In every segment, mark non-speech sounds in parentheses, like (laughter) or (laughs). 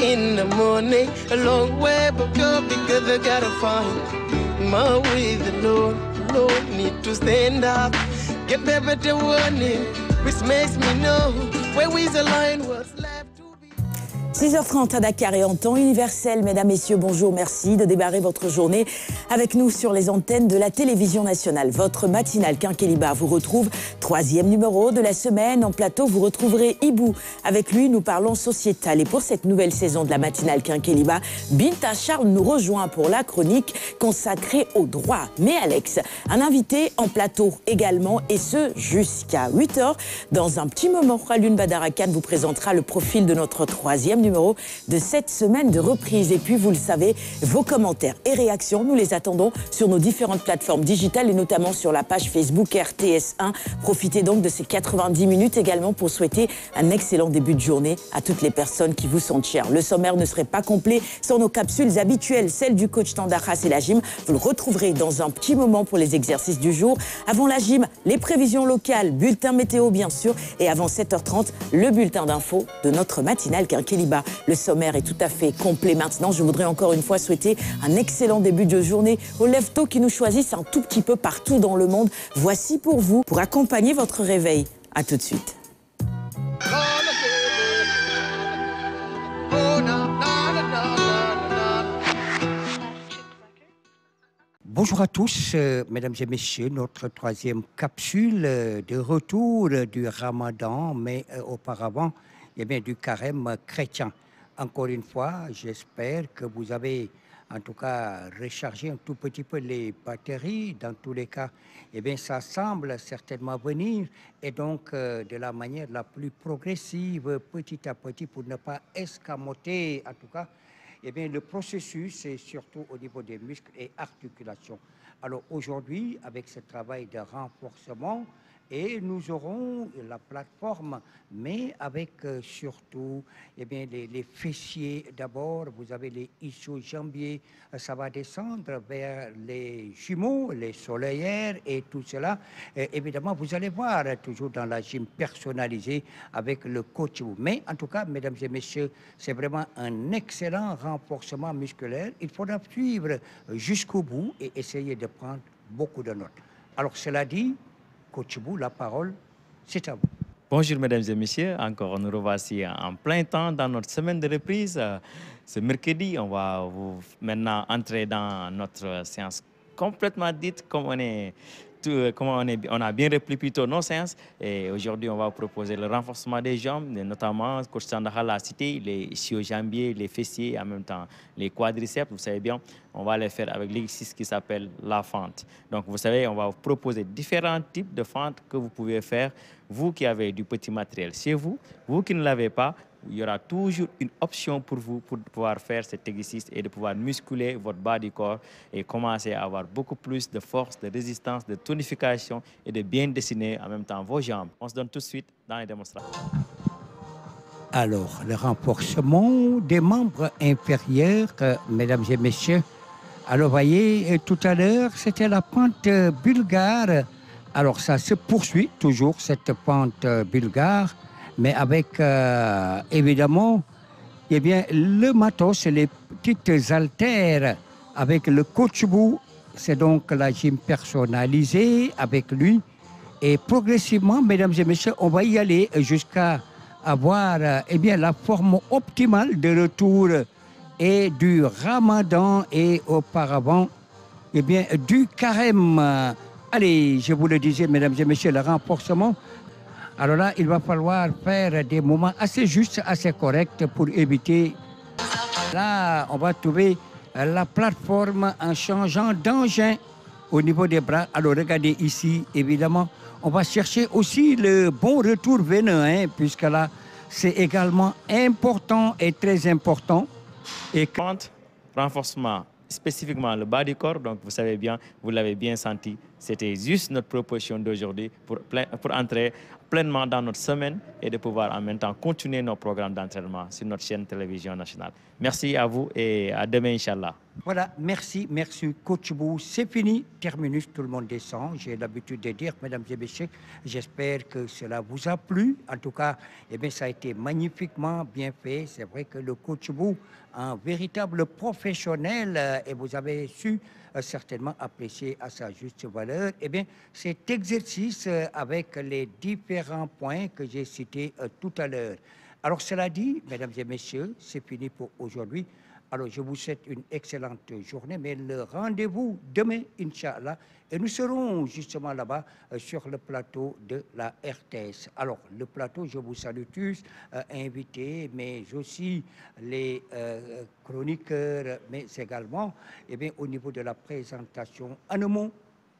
in the morning. A long way but go because I gotta find my way. The Lord, Lord, need to stand up. Get the warning, which makes me know where is the line. 6h30 à Dakar et en temps universel. Mesdames, Messieurs, bonjour, merci de débarrer votre journée avec nous sur les antennes de la télévision nationale. Votre matinale quinqueliba vous retrouve, troisième numéro de la semaine. En plateau, vous retrouverez Ibou. Avec lui, nous parlons sociétal. Et pour cette nouvelle saison de la matinale Quinqueliba, Binta Charles nous rejoint pour la chronique consacrée au droit. Mais Alex, un invité en plateau également, et ce jusqu'à 8h. Dans un petit moment, Ralune Badarakan vous présentera le profil de notre troisième numéro de cette semaine de reprise. Et puis, vous le savez, vos commentaires et réactions, nous les attendons sur nos différentes plateformes digitales et notamment sur la page Facebook RTS1. Profitez donc de ces 90 minutes également pour souhaiter un excellent début de journée à toutes les personnes qui vous sont chères. Le sommaire ne serait pas complet sans nos capsules habituelles, celles du coach Tandaras et la gym. Vous le retrouverez dans un petit moment pour les exercices du jour. Avant la gym, les prévisions locales, bulletin météo bien sûr. Et avant 7h30, le bulletin d'info de notre matinale Quinquilibre. Bah, le sommaire est tout à fait complet. Maintenant, je voudrais encore une fois souhaiter un excellent début de journée aux lève-tôt qui nous choisissent un tout petit peu partout dans le monde. Voici pour vous, pour accompagner votre réveil. A tout de suite. Bonjour à tous, euh, mesdames et messieurs. Notre troisième capsule euh, de retour du ramadan, mais euh, auparavant, eh bien, du carême chrétien. Encore une fois, j'espère que vous avez en tout cas rechargé un tout petit peu les batteries dans tous les cas, eh bien ça semble certainement venir et donc euh, de la manière la plus progressive, petit à petit, pour ne pas escamoter en tout cas, et eh bien le processus et surtout au niveau des muscles et articulations. Alors aujourd'hui, avec ce travail de renforcement, et nous aurons la plateforme, mais avec euh, surtout et eh bien, les, fessiers d'abord, vous avez les issues jambiers euh, ça va descendre vers les jumeaux, les soleillères et tout cela. évidemment, vous allez voir toujours dans la gym personnalisée avec le coach. Mais en tout cas, mesdames et messieurs, c'est vraiment un excellent renforcement musculaire. Il faudra suivre jusqu'au bout et essayer de prendre beaucoup de notes. Alors cela dit, la parole, c'est à vous. Bonjour mesdames et messieurs, encore nous revoici en plein temps dans notre semaine de reprise. C'est mercredi, on va vous maintenant entrer dans notre séance complètement dite comme on est euh, comment on, est, on a bien repris plutôt nos séances. Et aujourd'hui, on va vous proposer le renforcement des jambes, notamment coach l'a cité, les jambiers, les fessiers, en même temps les quadriceps. Vous savez bien, on va les faire avec l'exercice qui s'appelle la fente. Donc, vous savez, on va vous proposer différents types de fentes que vous pouvez faire, vous qui avez du petit matériel chez vous, vous qui ne l'avez pas, il y aura toujours une option pour vous pour pouvoir faire cet exercice et de pouvoir musculer votre bas du corps et commencer à avoir beaucoup plus de force, de résistance, de tonification et de bien dessiner en même temps vos jambes. On se donne tout de suite dans les démonstrations. Alors, le renforcement des membres inférieurs, euh, mesdames et messieurs. Alors, voyez, euh, tout à l'heure, c'était la pente euh, bulgare. Alors, ça se poursuit toujours, cette pente bulgare mais avec euh, évidemment eh bien, le matos, les petites haltères avec le coach bout. c'est donc la gym personnalisée avec lui. Et progressivement, mesdames et messieurs, on va y aller jusqu'à avoir eh bien, la forme optimale de retour et du ramadan et auparavant eh bien, du carême. Allez, je vous le disais, mesdames et messieurs, le renforcement alors là, il va falloir faire des moments assez justes, assez corrects pour éviter. Là, on va trouver euh, la plateforme en changeant d'engin au niveau des bras. Alors regardez ici, évidemment, on va chercher aussi le bon retour veineux, puisque là, c'est également important et très important. Et renforcement spécifiquement le bas du corps. Donc, vous savez bien, vous l'avez bien senti. C'était juste notre proposition d'aujourd'hui pour, pour entrer pleinement dans notre semaine et de pouvoir en même temps continuer nos programmes d'entraînement sur notre chaîne télévision nationale. Merci à vous et à demain, Inch'Allah. Voilà, merci, merci, coach Bou. C'est fini, terminus, tout le monde descend. J'ai l'habitude de dire, mesdames et messieurs, j'espère que cela vous a plu. En tout cas, eh bien, ça a été magnifiquement bien fait. C'est vrai que le coach Bou, un véritable professionnel, euh, et vous avez su euh, certainement apprécier à sa juste valeur, eh bien, cet exercice euh, avec les différents points que j'ai cités tout à l'heure. Alors, cela dit, mesdames et messieurs, c'est fini pour aujourd'hui. Alors, je vous souhaite une excellente journée, mais le rendez-vous demain, Inch'Allah, et nous serons justement là-bas euh, sur le plateau de la RTS. Alors, le plateau, je vous salue tous, euh, invités, mais aussi les euh, chroniqueurs, mais également, eh bien, au niveau de la présentation, en amont,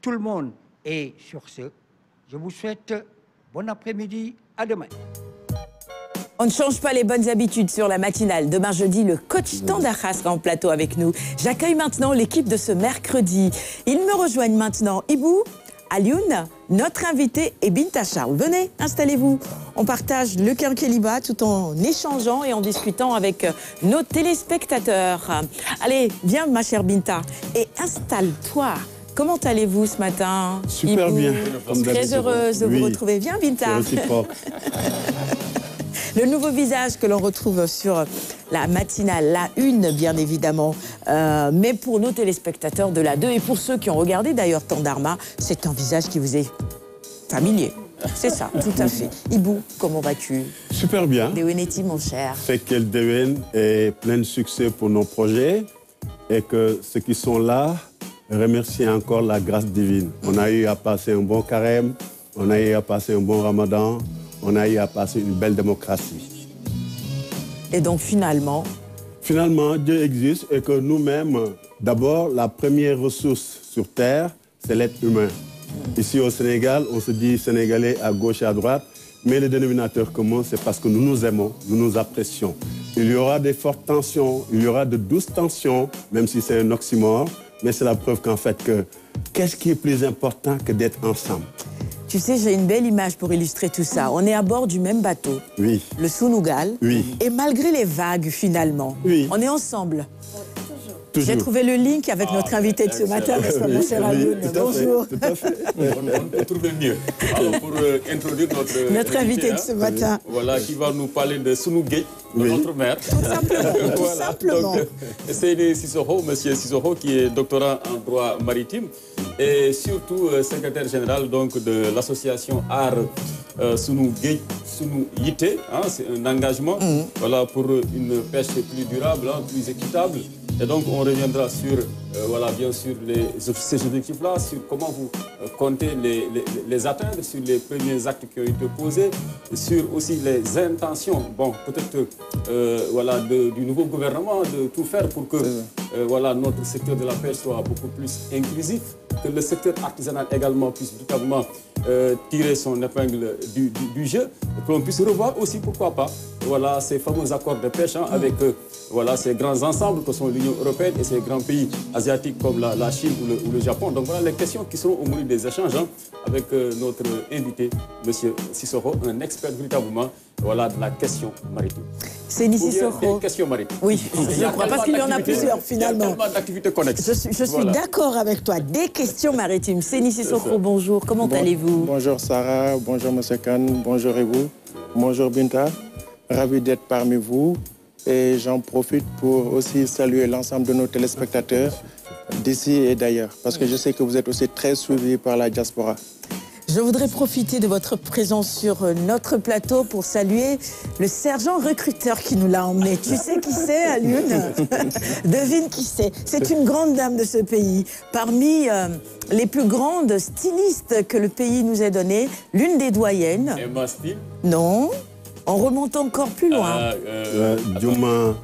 tout le monde. Et sur ce, je vous souhaite bon après-midi, à demain. On ne change pas les bonnes habitudes sur la matinale. Demain jeudi, le coach Tandaras sera en plateau avec nous. J'accueille maintenant l'équipe de ce mercredi. Ils me rejoignent maintenant. Ibou, Alioun, notre invité et Binta Charles. Venez, installez-vous. On partage le Kéliba tout en échangeant et en discutant avec euh, nos téléspectateurs. Allez, viens ma chère Binta et installe-toi. Comment allez-vous ce matin Super suis bien. Très heureuse de vous retrouver. Viens Binta. (laughs) Le nouveau visage que l'on retrouve sur la matinale, la une bien évidemment, euh, mais pour nos téléspectateurs de la 2 et pour ceux qui ont regardé d'ailleurs Tandarma, c'est un visage qui vous est familier. C'est ça, (laughs) tout à fait. Ibou, comment vas-tu Super bien. Dewenetti, mon cher. Fait que Dewen est euh, plein de succès pour nos projets et que ceux qui sont là remercient encore la grâce divine. On a eu à passer un bon carême, on a eu à passer un bon ramadan on a eu à passer une belle démocratie. Et donc finalement Finalement, Dieu existe et que nous-mêmes, d'abord, la première ressource sur Terre, c'est l'être humain. Ici au Sénégal, on se dit Sénégalais à gauche et à droite, mais le dénominateur commun, c'est parce que nous nous aimons, nous nous apprécions. Il y aura des fortes tensions, il y aura de douces tensions, même si c'est un oxymore, mais c'est la preuve qu'en fait, que qu'est-ce qui est plus important que d'être ensemble tu sais, j'ai une belle image pour illustrer tout ça. On est à bord du même bateau. Oui. Le Sunugal. Oui. Et malgré les vagues, finalement, on est ensemble. J'ai trouvé le link avec ah, notre invité de ce matin, M. Bonjour. (laughs) On peut trouver mieux. Alors, ah, pour euh, introduire notre, euh, invité, de ce hein. matin. Voilà, qui va nous parler de Sunu Gay, notre maire. Tout simplement. (laughs) voilà. simplement. C'est M. Sisoho, qui est doctorat en droit maritime et surtout euh, secrétaire général donc, de l'association Art euh, Sunu Yité, hein, C'est un engagement mhm. voilà, pour une pêche plus durable, hein, plus équitable et donc, on reviendra sur euh, voilà, bien sûr, les, ces objectifs-là, sur comment vous euh, comptez les, atteindre, sur les premiers actes qui ont été posés, sur aussi les intentions, bon, peut-être, euh, voilà, du nouveau gouvernement, de tout faire pour que, voilà, notre secteur de la pêche soit beaucoup plus inclusif, que le secteur artisanal également puisse totalement tirer son épingle du, jeu, que l'on puisse revoir aussi, pourquoi pas, voilà, ces fameux accords de pêche hein, mm. avec, voilà, ces grands ensembles que sont l'Union européenne et ces grands pays asiatiques comme la, Chine ou le, Japon. Donc voilà les questions qui seront au menu des échanges hein, avec euh, notre invité, M. Sissoko, un expert véritablement voilà, de la question maritime. C'est une question maritime. Oui, parce qu'il y en a plusieurs finalement. Je suis, d'accord avec toi. Des questions maritimes. Nissi Soro. bonjour. Comment allez-vous Bonjour Sarah, bonjour M. Khan, bonjour et vous. Bonjour Binta. Ravi d'être parmi vous et j'en profite pour aussi saluer l'ensemble de nos téléspectateurs d'ici et d'ailleurs, parce que je sais que vous êtes aussi très suivis par la diaspora. Je voudrais profiter de votre présence sur euh, notre plateau pour saluer le sergent recruteur qui nous l'a emmené. Tu (laughs) sais qui c'est, Alune (laughs) Devine qui c'est. C'est une grande dame de ce pays. Parmi euh, les plus grandes stylistes que le pays nous ait donné, l'une des doyennes. Emma style Non en remontant encore plus loin. Euh, euh, euh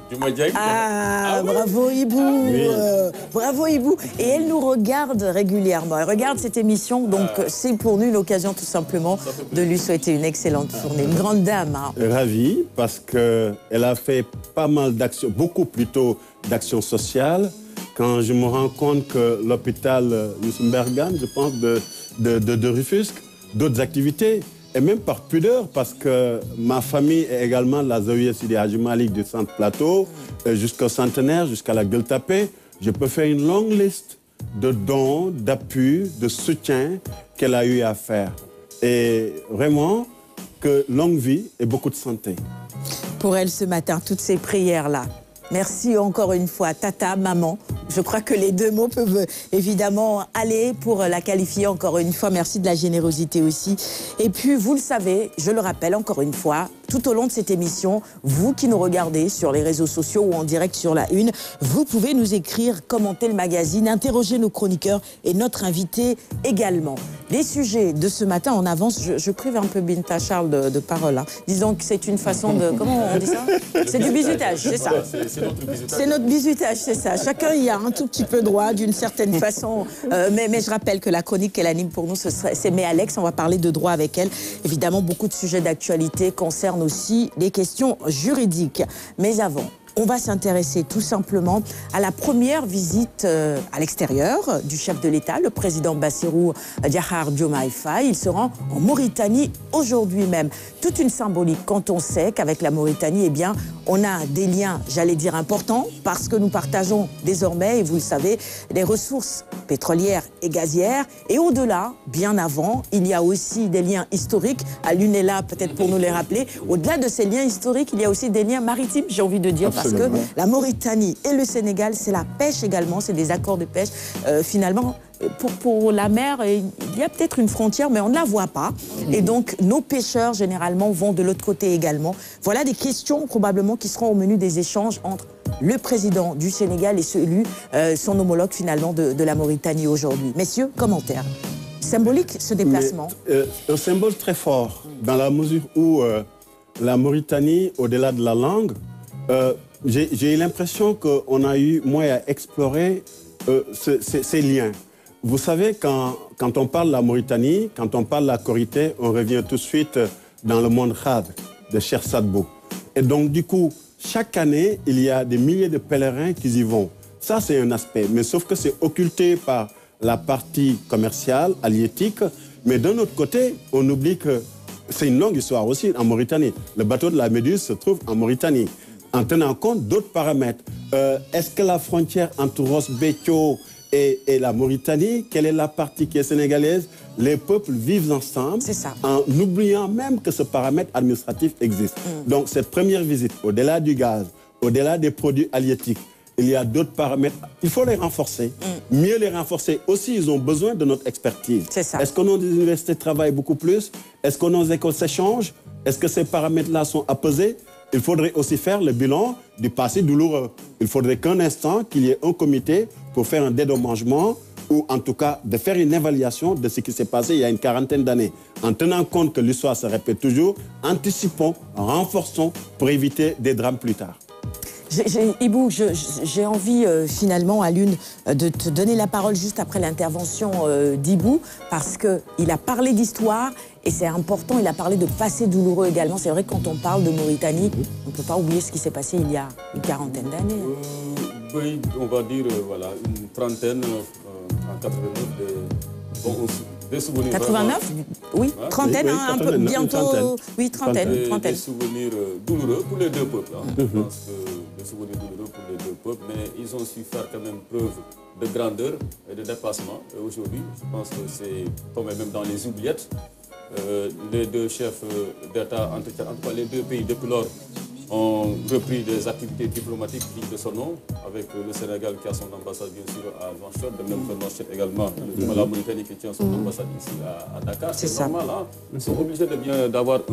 Ah, ah bravo Hibou. Ah euh, bravo Hibou. Et elle nous regarde régulièrement. Elle regarde cette émission, donc ah. c'est pour nous l'occasion tout simplement de lui souhaiter une excellente journée. Une grande dame. Hein. Ravie, parce qu'elle a fait pas mal d'actions, beaucoup plutôt d'actions sociales. Quand je me rends compte que l'hôpital Luxembourg, je pense, de, de, de, de Rufusque, d'autres activités, et même par pudeur, parce que ma famille est également la zoïe Sidi Hajimali du Centre Plateau, jusqu'au centenaire, jusqu'à la gueule Je peux faire une longue liste de dons, d'appui, de soutien qu'elle a eu à faire. Et vraiment, que longue vie et beaucoup de santé. Pour elle ce matin, toutes ces prières-là, Merci encore une fois, tata, maman. Je crois que les deux mots peuvent évidemment aller pour la qualifier encore une fois. Merci de la générosité aussi. Et puis, vous le savez, je le rappelle encore une fois, tout au long de cette émission. Vous qui nous regardez sur les réseaux sociaux ou en direct sur la Une, vous pouvez nous écrire, commenter le magazine, interroger nos chroniqueurs et notre invité également. Les sujets de ce matin en avance, je, prive un peu Binta Charles de, de parole. Hein. Disons que c'est une façon de. Comment on dit ça C'est du bisutage, c'est ça. C'est notre bisutage, c'est ça. Chacun y a un tout petit peu droit d'une certaine façon. Euh, mais, mais, je rappelle que la chronique qu'elle anime pour nous, c'est Mais Alex, on va parler de droit avec elle. Évidemment, beaucoup de sujets d'actualité concernent aussi les questions juridiques. Mais avant, on va s'intéresser tout simplement à la première visite euh, à l'extérieur du chef de l'État, le président Bassirou djahar Diomaye Il se rend en Mauritanie aujourd'hui même. Toute une symbolique quand on sait qu'avec la Mauritanie, eh bien, on a des liens, j'allais dire importants, parce que nous partageons désormais, et vous le savez, les ressources pétrolières et gazières. Et au-delà, bien avant, il y a aussi des liens historiques. à l'UNELA, là peut-être pour nous les rappeler. Au-delà de ces liens historiques, il y a aussi des liens maritimes, j'ai envie de dire parce que la Mauritanie et le Sénégal, c'est la pêche également, c'est des accords de pêche. Euh, finalement, pour, pour, la mer, il y a peut-être une frontière, mais on ne la voit pas. Mhm. Et donc, nos pêcheurs, généralement, vont de l'autre côté également. Voilà des questions, probablement, qui seront au menu des échanges entre le président du Sénégal et celui, euh, son homologue, finalement, de, de la Mauritanie aujourd'hui. Messieurs, commentaires. Symbolique, ce déplacement euh, Un symbole très fort, dans la mesure où la Mauritanie, au-delà de la langue, j'ai eu l'impression qu'on a eu moins à explorer euh, ces liens. Vous savez, quand, quand, on parle de la Mauritanie, quand on parle de la Corité, on revient tout de suite dans le monde Khad de Cher Sadbo. Et donc, du coup, chaque année, il y a des milliers de pèlerins qui y vont. Ça, c'est un aspect. Mais sauf que c'est occulté par la partie commerciale, halieutique. Mais d'un autre côté, on oublie que c'est une longue histoire aussi en Mauritanie. Le bateau de la Méduse se trouve en Mauritanie en tenant compte d'autres paramètres. Euh, est-ce que la frontière entre Rosbecho et, la Mauritanie, quelle est la partie qui est sénégalaise Les peuples vivent ensemble en oubliant même que ce paramètre administratif existe. Mm. Donc cette première visite, au-delà du gaz, au-delà des produits halieutiques, il y a d'autres paramètres. Il faut les renforcer. Mm. Mieux les renforcer. Aussi, ils ont besoin de notre expertise. Est-ce que nos universités travaillent beaucoup plus Est-ce que nos écoles s'échangent Est-ce que ces paramètres-là sont apposés il faudrait aussi faire le bilan du passé douloureux. Il faudrait qu'un instant, qu'il y ait un comité pour faire un dédommagement ou en tout cas de faire une évaluation de ce qui s'est passé il y a une quarantaine d'années. En tenant compte que l'histoire se répète toujours, anticipons, renforçons pour éviter des drames plus tard. Ibou, j'ai envie euh, finalement à l'une euh, de te donner la parole juste après l'intervention euh, d'Ibou parce qu'il a parlé d'histoire, et c'est important, il a parlé de passé douloureux également. C'est vrai que quand on parle de Mauritanie, on ne peut pas oublier ce qui s'est passé il y a une quarantaine d'années. Euh, oui, on va dire euh, voilà, une trentaine euh, en 89. De, souvenirs. 89 ah, Oui, trentaine, hein, un peu, bientôt. Oui, trentaine. trentaine. des souvenirs douloureux pour les deux peuples. Hein. Mhm. Je pense que des souvenirs douloureux pour les deux peuples, mais ils ont su faire quand même preuve de grandeur et de dépassement. Et aujourd'hui, je pense que c'est tombé même dans les oubliettes. Euh, les deux chefs euh, d'État, entre les deux pays depuis lors ont repris des activités diplomatiques de son nom, avec le Sénégal qui a son ambassade bien sûr à Nouakchott, de même que également, mhm. la Mauritanie qui tient son mhm. ambassade ici à, Dakar. C'est normal, hein mhm. ils sont obligés d'avoir de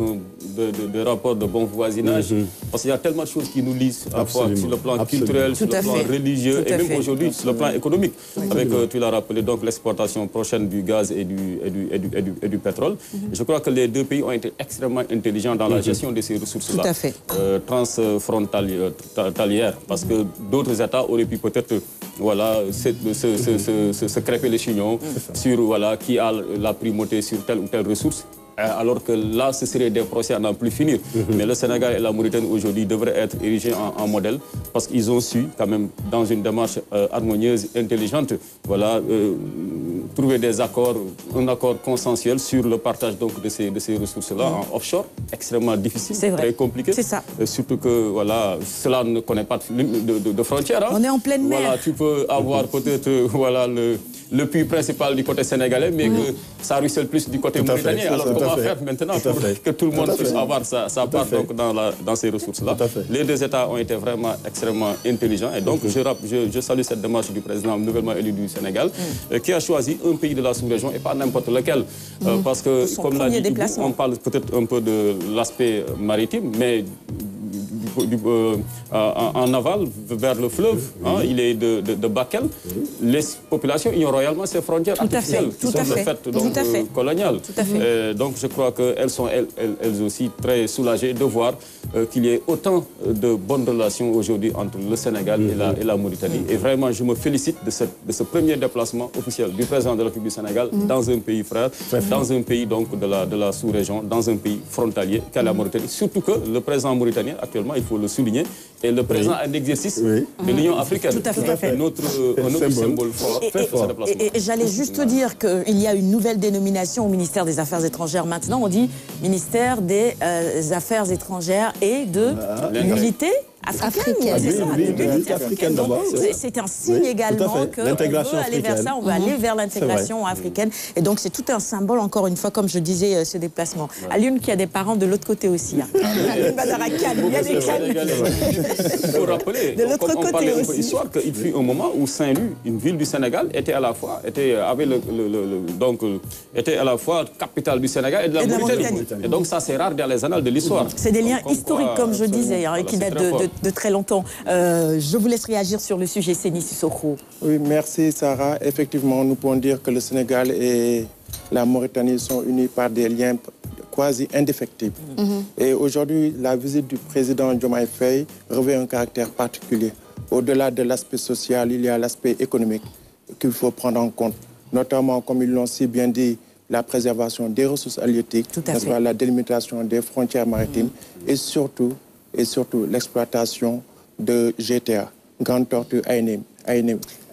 des de, de rapports de bon voisinage, parce qu'il y a tellement de choses qui nous lisent, à fois sur le plan culturel, sur le plan religieux, et même aujourd'hui sur le plan économique, avec, euh, tu l'as rappelé, donc l'exportation prochaine du gaz et du, et du, et du, pétrole. Je crois que les deux pays ont été extrêmement intelligents dans la gestion de ces ressources-là. Tout à fait. Euh, transfrontalière, euh, parce que d'autres États auraient pu peut-être voilà, se, crêper les chignons sur voilà, qui a la primauté sur telle ou telle ressource. Euh, alors que là, ce serait des procès à n'en plus finir. Mhm. Mais le Sénégal et la Mauritanie aujourd'hui devraient être érigés en, modèle parce qu'ils ont su, quand même, dans une démarche euh, harmonieuse, intelligente, voilà, euh, trouver des accords, un accord consensuel sur le partage donc, de ces, ressources-là mhm. en offshore, extrêmement difficile, vrai. très compliqué. C'est ça. surtout que voilà, cela ne connaît pas de, frontières. Hein. On est en pleine mer. Voilà, tu peux avoir (laughs) peut-être voilà, le le puits principal du côté sénégalais, mais que ça ruisselle plus du côté mauritanien. Alors comment faire maintenant pour que tout le monde puisse avoir sa, part donc, dans, dans, ces ressources-là Les deux États ont été vraiment extrêmement intelligents. Et donc, je, je, salue cette démarche du président nouvellement élu du Sénégal, mm. euh, qui a choisi un pays de la sous-région et pas n'importe lequel. Euh, mm. parce que, comme l'a dit, on parle peut-être un peu de l'aspect maritime, mais euh, en, aval, vers le fleuve, hein, il est de, de, Bakel, les populations aura royalement ces frontières tout artificielles tout sont fait, donc, coloniales. donc je crois qu'elles sont elles, aussi très soulagées de voir euh, qu'il y ait autant euh, de bonnes relations aujourd'hui entre le Sénégal et, la, mm-hmm. Mauritanie. Et mm-hmm. vraiment, je me félicite de, ce premier déplacement officiel du président de la République du Sénégal mm-hmm. dans un pays frère, dans un pays donc de la sous-région, dans un pays frontalier qu'est la Mauritanie. Surtout que le président mauritanien, actuellement, il faut le souligner, et le président exercice l'Union africaine. est symbole. fort. Et, j'allais juste dire qu'il y a une nouvelle dénomination au ministère des Affaires étrangères. Maintenant, on dit ministère des euh, Affaires étrangères et de l'unité africaine. C'est un signe également que on veut aller vers ça, on veut aller vers l'intégration africaine. Et donc c'est tout un symbole, encore une fois, comme je disais, euh, ce déplacement. Ouais. qu'il qui a des parents de l'autre côté aussi. Hein. Ah il faut rappeler, de l'autre côté aussi. fut un moment où Saint-Louis, une ville du Sénégal, était à la fois, était, avait le, donc, euh, était à la fois capitale du Sénégal et de la, et de Mauritanie. Et donc ça c'est rare dans les annales de l'histoire. C'est des liens historiques, comme je disais, hein, qui datent de de, très longtemps. Euh, je vous laisse réagir sur le sujet Séni Sissoko. Oui, merci Sarah. Effectivement, nous pouvons dire que le Sénégal et la Mauritanie sont unis par des liens quasi indéfectibles. Mm-hmm. Et aujourd'hui, la visite du président Diomaye Faye revêt un caractère particulier. Au-delà de l'aspect social, il y a l'aspect économique qu'il faut prendre en compte, notamment, comme ils l'ont si bien dit, la préservation des ressources halieutiques, la délimitation des frontières maritimes mm-hmm. et surtout et surtout l'exploitation de GTA, Grande Tortue Ainem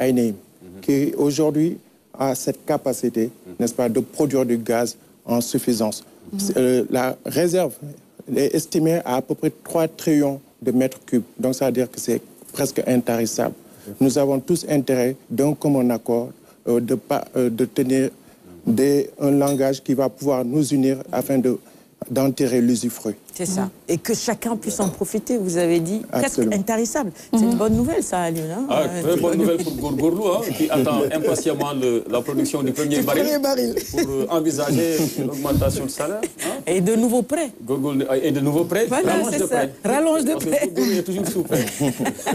mhm. qui aujourd'hui a cette capacité, mhm. n'est-ce pas, de produire du gaz en suffisance. Mhm. Euh, la réserve est estimée à à peu près 3 trillions de mètres cubes, donc ça veut dire que c'est presque intarissable. Nous avons tous intérêt, d'un commun accord, euh, de, euh, de tenir des, un langage qui va pouvoir nous unir afin d'enterrer de, l'usufruit. C'est ça. Et que chacun puisse en profiter, vous avez dit, presque intarissable. C'est une bonne nouvelle, ça, à hein. ah, très euh, bonne nouvelle pour Gourgourlou, qui hein. attend impatiemment la production du premier, baril, premier baril, pour euh, envisager une augmentation de salaire. Hein. Et de nouveaux prêts. Euh, et de nouveaux prêts. Voilà, rallonge de prêts. Rallonge de prêts. toujours une soupe.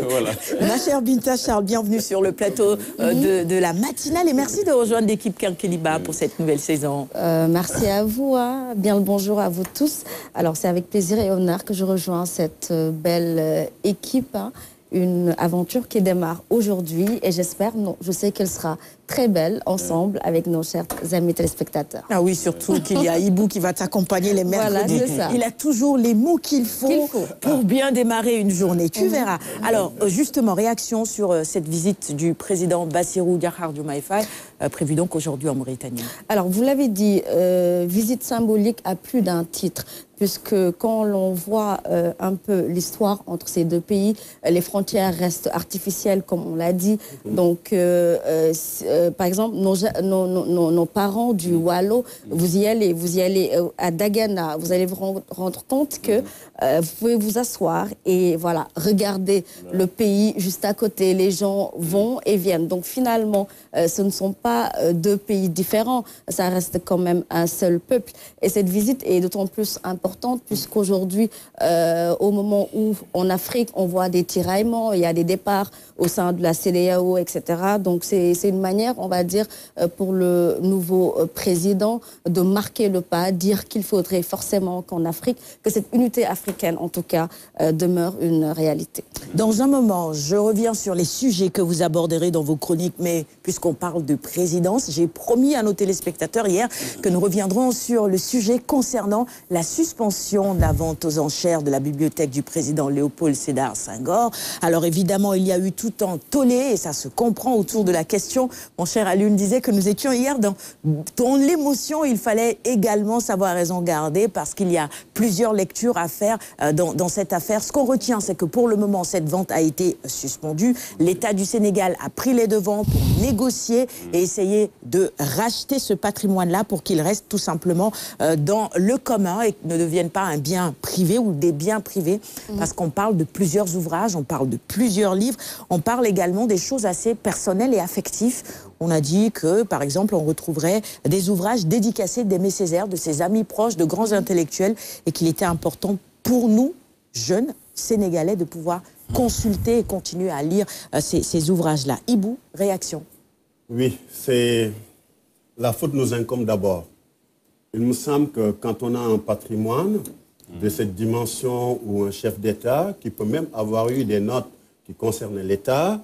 voilà. Ma chère Binta Charles, bienvenue sur le plateau de, la matinale et merci de rejoindre l'équipe Kinkeliba pour cette nouvelle saison. merci à vous. Hein. Bien le bonjour à vous tous. Alors, c'est avec plaisir et honneur que je rejoins cette euh, belle euh, équipe. Hein. une aventure qui démarre aujourd'hui et j'espère, non, je sais qu'elle sera très belle ensemble avec nos chers amis téléspectateurs. Ah oui, surtout qu'il y a (laughs) Ibou qui va t'accompagner les mercredis. Voilà, Il a toujours les mots qu'il faut, pour bien démarrer une journée. Tu mhm. verras. Alors, euh, justement, réaction sur euh, cette visite du président Bassirou du Diomaye euh, prévue donc aujourd'hui en Mauritanie. Alors, vous l'avez dit, visite symbolique à plus d'un titre puisque quand l'on voit un peu l'histoire entre ces deux pays, les frontières restent artificielles, comme on l'a dit. Mhm. Donc, euh, par exemple, nos, nos, parents du mm. Wallo, vous y allez, vous y allez euh, à Dagana, vous allez vous rendre compte que mm. euh, vous pouvez vous asseoir et voilà, regarder le pays juste à côté. Les gens mm. vont et viennent. Donc finalement, ce ne sont pas deux pays différents. Ça reste quand même un seul peuple. Et cette visite est d'autant plus importante puisqu'aujourd'hui, au moment où en Afrique, on voit des tiraillements, il y a des départs au sein de la CDAO, etc. Donc c'est une manière on va dire, euh, pour le nouveau euh, président de marquer le pas, dire qu'il faudrait forcément qu'en Afrique, que cette unité africaine, en tout cas, euh, demeure une réalité. Dans un moment, je reviens sur les sujets que vous aborderez dans vos chroniques, mais puisqu'on parle de présidence, j'ai promis à nos téléspectateurs hier que nous reviendrons sur le sujet concernant la suspension de la vente aux enchères de la bibliothèque du président Léopold Sédar Senghor. Alors évidemment, il y a eu tout un tollé, et ça se comprend autour de la question mon cher Alune disait que nous étions hier dans, l'émotion. Il fallait également savoir raison garder parce qu'il y a plusieurs lectures à faire euh, dans, dans cette affaire. Ce qu'on retient, c'est que pour le moment, cette vente a été suspendue. L'État du Sénégal a pris les devants pour négocier et essayer de racheter ce patrimoine-là pour qu'il reste tout simplement euh, dans le commun et ne devienne pas un bien privé ou des biens privés. Mm. Parce qu'on parle de plusieurs ouvrages, on parle de plusieurs livres, on parle également des choses assez personnelles et affectives on a dit que, par exemple, on retrouverait des ouvrages dédicacés d'Aimé Césaire, de ses amis proches, de grands intellectuels, et qu'il était important pour nous, jeunes Sénégalais, de pouvoir consulter et continuer à lire euh, ces, ouvrages-là. Hibou, réaction Oui, c'est... La faute nous incombe d'abord. Il me semble que quand on a un patrimoine de cette dimension ou un chef d'État qui peut même avoir eu des notes qui concernent l'État,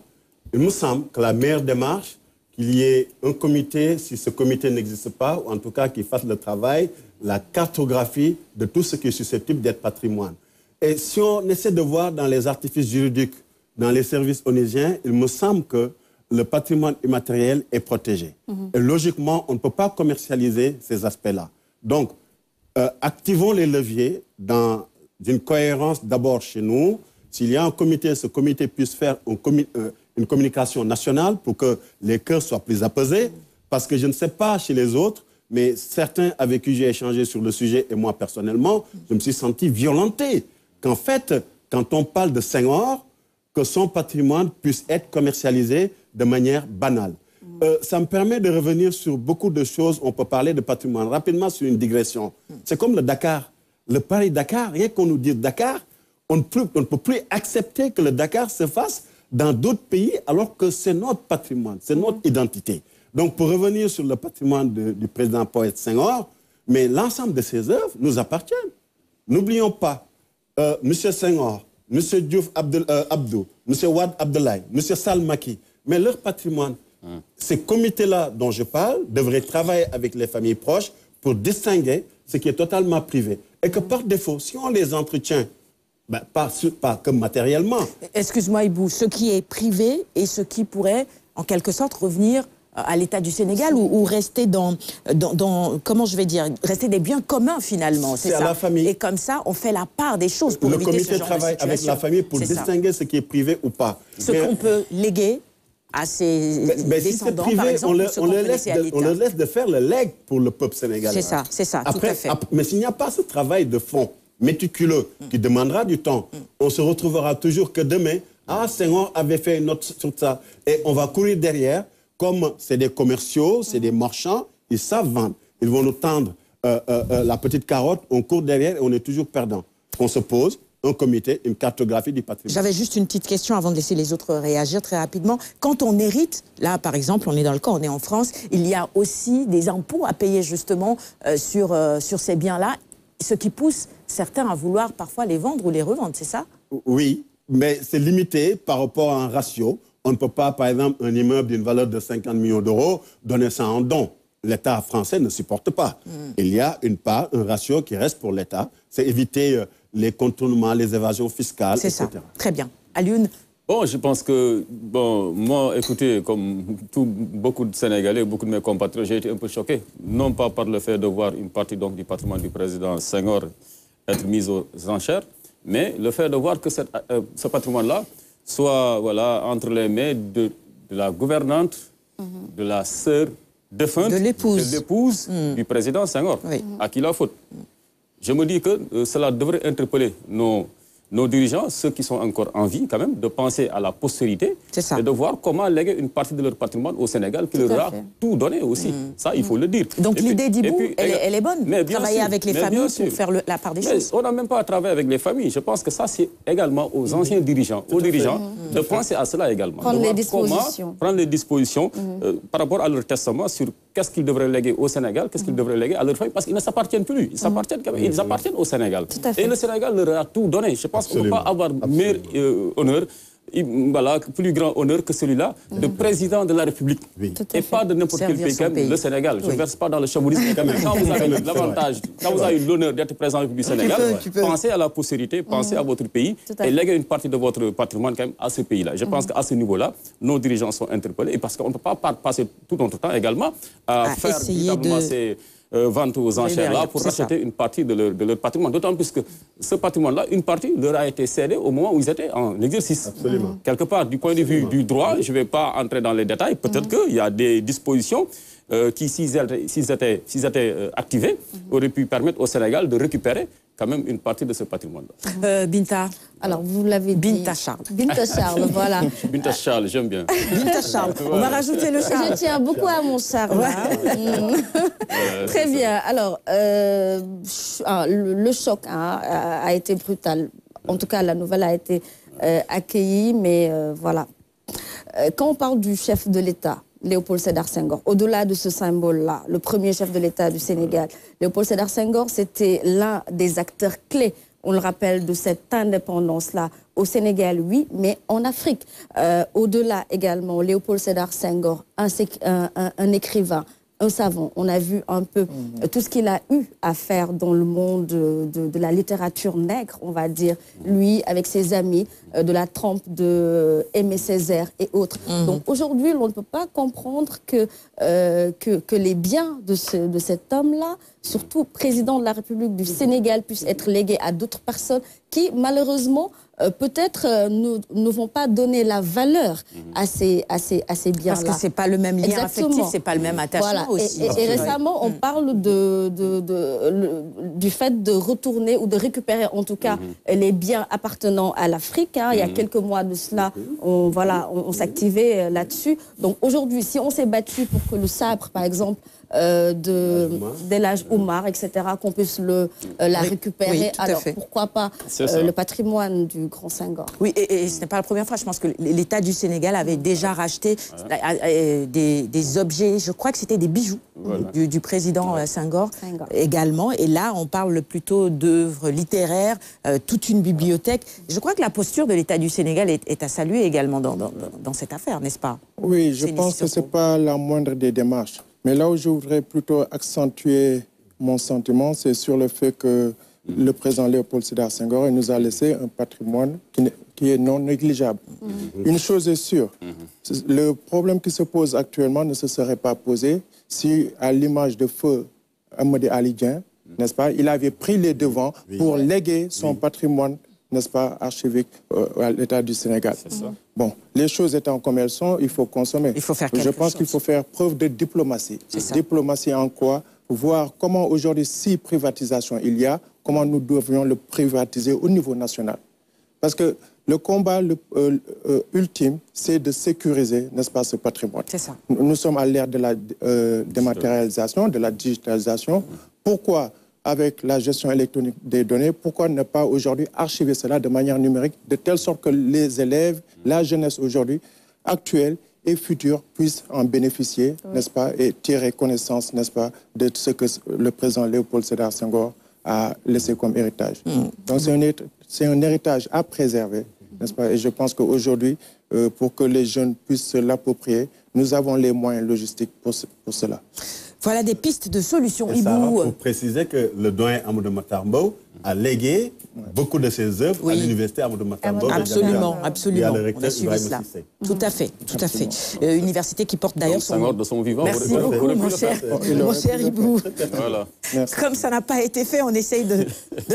il me semble que la meilleure démarche, qu'il y ait un comité, si ce comité n'existe pas, ou en tout cas qu'il fasse le travail, la cartographie de tout ce qui est susceptible d'être patrimoine. Et si on essaie de voir dans les artifices juridiques, dans les services onusiens, il me semble que le patrimoine immatériel est protégé. Mhm. Et logiquement, on ne peut pas commercialiser ces aspects-là. Donc, euh, activons les leviers dans une cohérence d'abord chez nous. S'il y a un comité, ce comité puisse faire un comité, euh, une communication nationale pour que les cœurs soient plus apaisés. Parce que je ne sais pas chez les autres, mais certains avec qui j'ai échangé sur le sujet et moi personnellement, je me suis senti violenté. Qu'en fait, quand on parle de Senghor, que son patrimoine puisse être commercialisé de manière banale. Mm. Euh, ça me permet de revenir sur beaucoup de choses. On peut parler de patrimoine. Rapidement, sur une digression. Mm. C'est comme le Dakar. Le Paris-Dakar, rien qu'on nous dise Dakar, on ne peut plus accepter que le Dakar se fasse dans d'autres pays, alors que c'est notre patrimoine, c'est notre mhm. identité. Donc, pour revenir sur le patrimoine du président poète Senghor, mais l'ensemble de ses œuvres nous appartiennent. N'oublions pas, euh, M. Senghor, M. Diouf Abdel, euh, Abdou, M. Wad Abdelai, M. Salmaki, mais leur patrimoine, hein. ces comités-là dont je parle devraient travailler avec les familles proches pour distinguer ce qui est totalement privé. Et que par défaut, si on les entretient ben, pas, pas comme matériellement. Excuse-moi, Ibou, ce qui est privé et ce qui pourrait, en quelque sorte, revenir à l'État du Sénégal ou, rester dans, dans, comment je vais dire, rester des biens communs finalement. C'est à la famille. Et comme ça, on fait la part des choses pour Le éviter ce genre travaille avec la famille pour distinguer ce qui est privé ou pas. Ce qu'on peut léguer à ses descendants, par exemple, on, le, laisse de, on laisse de faire le leg pour le peuple sénégalais. C'est ça, c'est ça, Après, tout à fait. mais s'il n'y a pas ce travail de fond, méticuleux, mm. qui demandera du temps, mm. on se retrouvera toujours que demain, ah, on avait fait une note sur ça. Et on va courir derrière, comme c'est des commerciaux, c'est des marchands, ils savent vendre. Ils vont nous tendre euh, euh, euh, la petite carotte, on court derrière et on est toujours perdant. On se pose, un comité, une cartographie du patrimoine. J'avais juste une petite question avant de laisser les autres réagir très rapidement. Quand on hérite, là par exemple, on est dans le corps, on est en France, il y a aussi des impôts à payer justement sur, sur ces biens-là ce qui pousse certains à vouloir parfois les vendre ou les revendre, c'est ça Oui, mais c'est limité par rapport à un ratio. On ne peut pas, par exemple, un immeuble d'une valeur de 50 millions d'euros, donner ça en don. L'État français ne supporte pas. Hmm. Il y a une part, un ratio qui reste pour l'État. C'est éviter euh, les contournements, les évasions fiscales, etc. Ça. Très bien. À l'une, Bon, je pense que, bon, moi, écoutez, comme tout, beaucoup de Sénégalais, beaucoup de mes compatriotes, j'ai été un peu choqué. Non pas par le fait de voir une partie donc, du patrimoine du président Senghor être mise aux enchères, mais le fait de voir que cette, euh, ce patrimoine-là soit voilà, entre les mains de, de la gouvernante, mhm. de la sœur défunte, de l'épouse mhm. du président Senghor, à qui la faute. Mhm. Je me dis que euh, cela devrait interpeller nos nos dirigeants, ceux qui sont encore en vie quand même, de penser à la postérité et de voir comment léguer une partie de leur patrimoine au Sénégal qui leur a tout donné aussi. Mm. Ça, il faut mm. le dire. Donc l'idée d'Ibou, elle, est bonne. travailler avec les familles pour faire la part des choses. On n'a même pas à travailler avec les familles. Je pense que ça, c'est également aux mm. anciens dirigeants, aux dirigeants, de penser à cela également. Prendre les dispositions. prendre les dispositions euh, par rapport à leur testament sur qu'est-ce qu'ils devraient léguer au Sénégal, qu'est-ce qu'ils mm. devraient léguer à leur famille, parce qu'ils ne s'appartiennent plus. Ils mm. s'appartiennent, ils mm. appartiennent au Sénégal. Et le Sénégal leur a tout donné. Je pense qu'on ne peut pas avoir meilleur euh, honneur voilà, plus grand honneur que celui-là, de mhm. président de la République. Et pas de n'importe quel pays, comme le Sénégal. Je ne verse pas dans le chauvinisme (laughs) quand vous avez l'avantage, quand vous avez l'honneur d'être président de la République du Sénégal, pensez à la postérité, pensez mhm. à votre pays et léguez une partie de votre patrimoine quand même à ce pays-là. Je pense mhm. qu'à ce niveau-là, nos dirigeants sont interpellés parce qu'on ne peut pas passer tout notre temps également à, faire essayer euh, vente aux enchères pour racheter une partie de leur, patrimoine. D'autant plus que ce patrimoine-là, une partie leur a été cédée au moment où ils étaient en exercice. Mmh. Quelque part, du point de vue du droit, je ne vais pas entrer dans les détails. Peut-être mmh. qu'il y a des dispositions euh, qui, s'ils étaient, étaient euh, activés, mmh. auraient pu permettre au Sénégal de récupérer quand même une partie de ce patrimoine-là. Euh, Binta. Alors, vous l'avez dit. Binta Charles. Binta Charles, (laughs) voilà. Binta Charles, j'aime bien. Binta Charles. On va rajouter le Charles. Je tiens beaucoup à mon Charles. Hein. Mm. Très bien. Alors, euh, ah, le choc hein, a été brutal. En tout cas, la nouvelle a été euh, accueillie, mais voilà. Quand on parle du chef de l'État, Léopold Sédar Senghor. Au-delà de ce symbole-là, le premier chef de l'État du Sénégal, Léopold Sédar Senghor, c'était l'un des acteurs clés, on le rappelle, de cette indépendance-là au Sénégal, oui, mais en Afrique. Euh, au-delà également, Léopold Sédar Senghor, un, écrivain, un savant. On a vu un peu mm-hmm. euh, tout ce qu'il a eu à faire dans le monde de, de la littérature nègre, on va dire. Lui, avec ses amis, euh, de la trempe de Aimé Césaire et autres. Mhm. Donc aujourd'hui, on ne peut pas comprendre que, euh, que, les biens de, cet homme-là, surtout président de la République du Sénégal, puissent être légués à d'autres personnes qui, malheureusement, euh, peut-être ne, vont pas donner la valeur mhm. à ces, à ces, à biens-là. Parce que ce n'est pas le même lien affectif, ce n'est pas le même attachement aussi. Et, récemment, on mm. parle de, de, du fait de retourner ou de récupérer en tout cas mm-hmm. les biens appartenant à l'Afrique Hein, il y a mhm. quelques mois de cela, on, voilà, on s'activait euh, là-dessus. Donc aujourd'hui, si on s'est battu pour que le sabre, par exemple, euh, de, l'âge Oumar, etc., qu'on puisse le, euh, la récupérer. Alors pourquoi pas euh, le patrimoine du Grand Senghor Oui, et, ce n'est pas la première fois. Je pense que l'État du Sénégal avait déjà racheté des, objets, je crois que c'était des bijoux du, président saint Senghor, également. Et là, on parle plutôt d'œuvres littéraires, toute une bibliothèque. Je crois que la posture de l'État du Sénégal est, à saluer également dans, dans cette affaire, n'est-ce pas Oui, je pense que ce n'est pas la moindre des démarches. Mais là où je voudrais plutôt accentuer mon sentiment, c'est sur le fait que le président Léopold Sédar Senghor nous a laissé un patrimoine qui, est non négligeable. Mhm. Une chose est sûre, mhm. le problème qui se pose actuellement ne se serait pas posé si, à l'image de feu Amadé Ali mhm. n'est-ce pas, il avait pris les devants pour léguer son patrimoine n'est-ce pas, archivique euh, à l'État du Sénégal. Ça. Bon, les choses étant comme elles sont, il faut consommer. Il faut faire quelque Je pense qu'il faut faire preuve de diplomatie. Diplomatie en quoi Voir comment aujourd'hui, si privatisation il y a, comment nous devrions le privatiser au niveau national. Parce que le combat le, euh, euh, ultime, c'est de sécuriser, n'est-ce pas, ce patrimoine. C'est ça. Nous, sommes à l'ère de la dématérialisation, de la digitalisation. Pourquoi avec la gestion électronique des données, pourquoi ne pas aujourd'hui archiver cela de manière numérique, de telle sorte que les élèves, la jeunesse aujourd'hui, actuelle et future, puissent en bénéficier, n'est-ce pas, et tirer connaissance, n'est-ce pas, de ce que le président Léopold Sédar Senghor a laissé comme héritage. Mm. Donc c'est un, héritage à préserver, n'est-ce pas, et je pense qu'aujourd'hui, euh, pour que les jeunes puissent l'approprier, nous avons les moyens logistiques pour cela. Voilà des pistes de solutions. Il faut pour préciser que le doyen Amadou Matarbo a légué beaucoup de ses œuvres à l'université de Matambor. Absolument, absolument. on a suivi cela. Tout à fait, tout à fait. Euh, université qui porte d'ailleurs son... de son vivant. Merci beaucoup, (laughs) mon cher, mon Comme ça n'a pas été fait, on essaye de,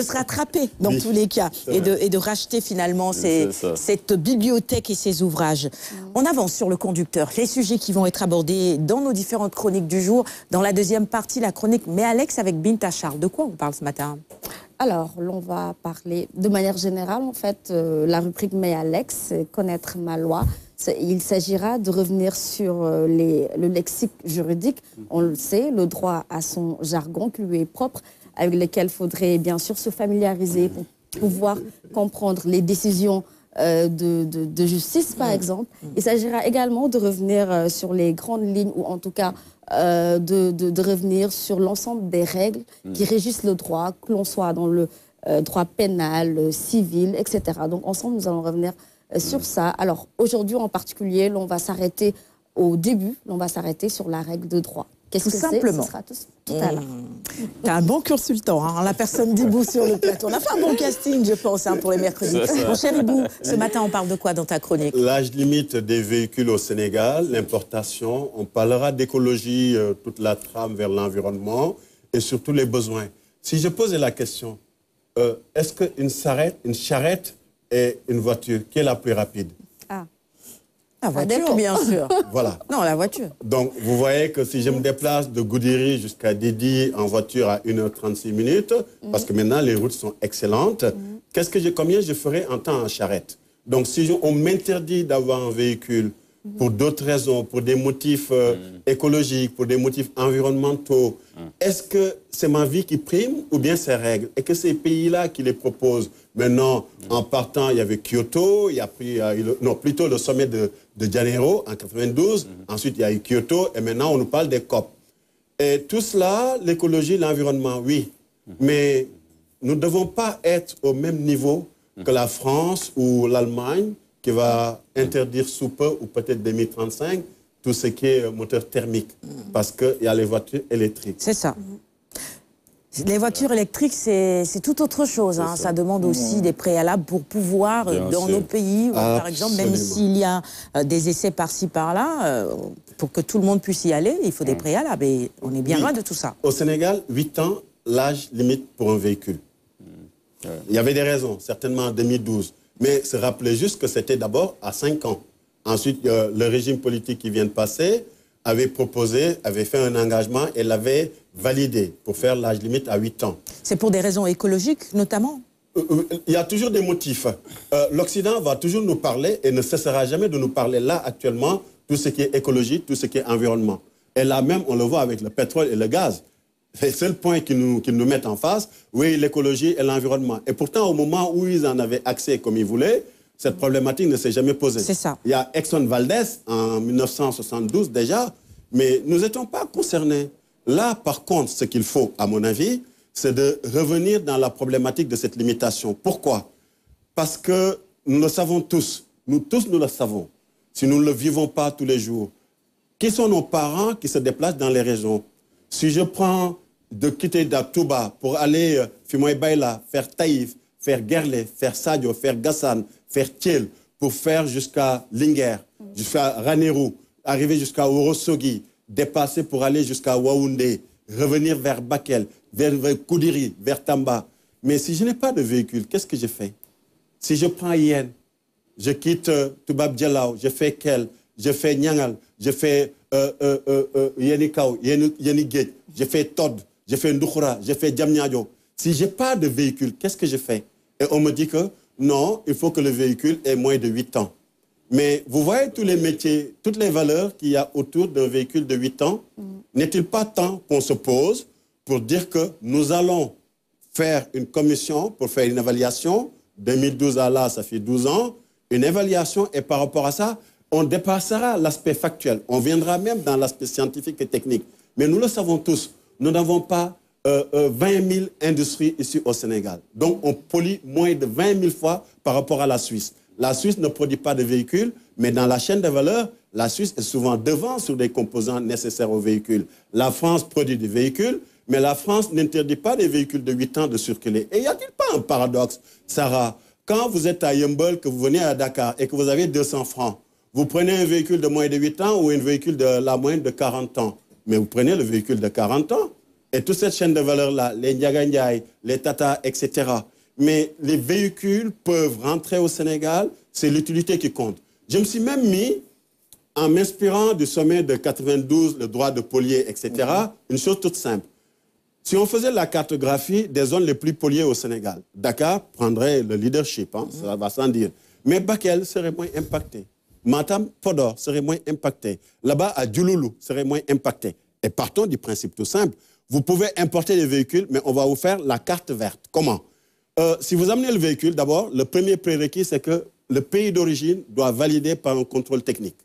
se rattraper dans tous les cas et de, et de racheter finalement cette bibliothèque et ses ouvrages. Mm. On avance sur le conducteur. Les sujets qui vont être abordés dans nos différentes chroniques du jour. Dans la deuxième partie, la chronique Mais Alex avec Binta De quoi on parle ce matin alors, l'on va parler de manière générale, en fait, euh, la rubrique Mais Alex, connaître ma loi. Il s'agira de revenir sur euh, le lexique juridique. On le sait, le droit à son jargon qui lui est propre, avec lequel il faudrait bien sûr se familiariser pour pouvoir comprendre les décisions euh, de, justice, par mm. exemple. Il s'agira également de revenir sur les grandes lignes, ou en tout cas euh, de, revenir sur l'ensemble des règles qui mm. régissent le droit, que l'on soit dans le euh, droit pénal, euh, civil, etc. Donc ensemble, nous allons revenir sur mm. ça. Alors aujourd'hui en particulier, l'on va s'arrêter au début, l'on va s'arrêter sur la règle de droit. Qu'est-ce que simplement. Tu mmh. un bon consultant, hein. la personne d'Ibou sur le plateau. On a fait un bon casting, je pense, hein, pour les mercredis. Mon cher Ibou, ce matin, on parle de quoi dans ta chronique L'âge limite des véhicules au Sénégal, l'importation. On parlera d'écologie, euh, toute la trame vers l'environnement et surtout les besoins. Si je posais la question, euh, est-ce qu'une charrette, une charrette et une voiture, qui est la plus rapide la voiture, bien sûr. (laughs) Voilà. Non, la voiture. Donc, vous voyez que si je me déplace de Goudiri jusqu'à Didi en voiture à 1h36 minutes, mm. parce que maintenant les routes sont excellentes, mm. qu'est-ce que combien je ferai en temps en charrette Donc, si on m'interdit d'avoir un véhicule mm. pour d'autres raisons, pour des motifs euh, écologiques, pour des motifs environnementaux, est-ce que c'est ma vie qui prime ou bien ces règles Et que ces pays-là qui les proposent, maintenant, en partant, il y avait Kyoto, il y a, pris, euh, non, plutôt le sommet de de Janeiro en 92, mhm. ensuite il y a eu Kyoto, et maintenant on nous parle des COP. Et tout cela, l'écologie, l'environnement, oui, mhm. mais nous ne devons pas être au même niveau mhm. que la France ou l'Allemagne, qui va interdire sous peu, ou peut-être 2035, tout ce qui est moteur thermique, parce qu'il y a les voitures électriques. C'est ça. Les voitures électriques, c'est tout autre chose. Hein. Ça. demande aussi des préalables pour pouvoir, euh, dans nos pays, par exemple, même s'il y a euh, des essais par-ci, par-là, euh, pour que tout le monde puisse y aller, il faut des préalables. Et on est bien loin de tout ça. Au Sénégal, 8 ans, l'âge limite pour un véhicule. Mmh. Il y avait des raisons, certainement en 2012. Mais se rappeler juste que c'était d'abord à 5 ans. Ensuite, le régime politique qui vient de passer, avait proposé, avait fait un engagement et l'avait validé pour faire l'âge limite à 8 ans. C'est pour des raisons écologiques notamment euh, euh, il y a toujours des motifs. Euh, L'Occident va toujours nous parler et ne cessera jamais de nous parler là actuellement tout ce qui est écologie, tout ce qui est environnement. Et là même, on le voit avec le pétrole et le gaz. C'est le seul point qu'ils nous, nous mettent en face. Oui, l'écologie et l'environnement. Et pourtant, au moment où ils en avaient accès comme ils voulaient, cette problématique ne s'est jamais posée. C'est ça. Il y a Exxon Valdez en 1972 déjà, mais nous n'étions pas concernés. Là, par contre, ce qu'il faut, à mon avis, c'est de revenir dans la problématique de cette limitation. Pourquoi Parce que nous le savons tous, nous tous nous le savons, si nous ne le vivons pas tous les jours. Qui sont nos parents qui se déplacent dans les régions Si je prends de quitter Touba pour aller euh, faire Taïf, faire Gerle, faire Sadio, faire Gassan, fertile pour faire jusqu'à Linger, jusqu'à Raneru, arriver jusqu'à Orosogi, dépasser pour aller jusqu'à Waoundé, revenir vers Bakel, vers, Koudiri, vers Tamba. Mais si je n'ai pas de véhicule, qu'est-ce que je fais Si je prends Yen, je quitte euh, Toubab je fais Kel, je fais Nyangal, je fais euh, euh, Yenikao, euh, euh, Yeniget, je fais Todd, je fais Ndoukhoura, je fais Djamnyadjo. Si je n'ai pas de véhicule, qu'est-ce que je fais Et on me dit que non, il faut que le véhicule ait moins de 8 ans. Mais vous voyez tous les métiers, toutes les valeurs qu'il y a autour d'un véhicule de 8 ans. Mm. N'est-il pas temps qu'on se pose pour dire que nous allons faire une commission pour faire une évaluation 2012 à ah là, ça fait 12 ans, une évaluation et par rapport à ça, on dépassera l'aspect factuel. On viendra même dans l'aspect scientifique et technique. Mais nous le savons tous, nous n'avons pas 20 euh, 000 euh, industries ici au Sénégal. Donc, on pollue moins de 20 000 fois par rapport à la Suisse. La Suisse ne produit pas de véhicules, mais dans la chaîne de valeur, la Suisse est souvent devant sur des composants nécessaires aux véhicules. La France produit des véhicules, mais la France n'interdit pas des véhicules de 8 ans de circuler. Et y a-t-il pas un paradoxe, Sarah Quand vous êtes à Yumble, que vous venez à Dakar et que vous avez 200 francs, vous prenez un véhicule de moins de 8 ans ou un véhicule de la moyenne de 40 ans. Mais vous prenez le véhicule de 40 ans et toute cette chaîne de valeur-là, les Ndiaganyai, les Tata, etc. Mais les véhicules peuvent rentrer au Sénégal, c'est l'utilité qui compte. Je me suis même mis, en m'inspirant du sommet de 92, le droit de polier, etc., une chose toute simple. Si on faisait la cartographie des zones les plus poliées au Sénégal, Dakar prendrait le leadership, hein, mhm. ça va sans dire. Mais Bakel serait moins impacté. Matam Podor serait moins impacté. Là-bas, à Djouloulou serait moins impacté. Et partons du principe tout simple vous pouvez importer des véhicules, mais on va vous faire la carte verte. Comment euh, Si vous amenez le véhicule, d'abord, le premier prérequis, c'est que le pays d'origine doit valider par un contrôle technique.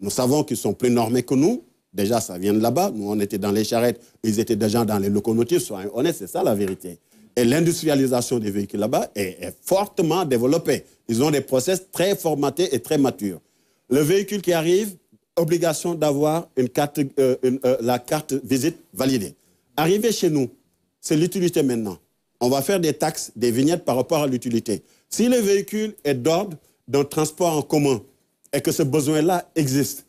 Nous savons qu'ils sont plus normés que nous. Déjà, ça vient de là-bas. Nous, on était dans les charrettes, ils étaient déjà dans les locomotives. Soyez honnêtes, c'est ça la vérité. Et l'industrialisation des véhicules là-bas est, fortement développée. Ils ont des process très formatés et très matures. Le véhicule qui arrive, obligation d'avoir euh, euh, la carte visite validée. Arriver chez nous, c'est l'utilité maintenant. On va faire des taxes, des vignettes par rapport à l'utilité. Si le véhicule est d'ordre d'un transport en commun et que ce besoin-là existe,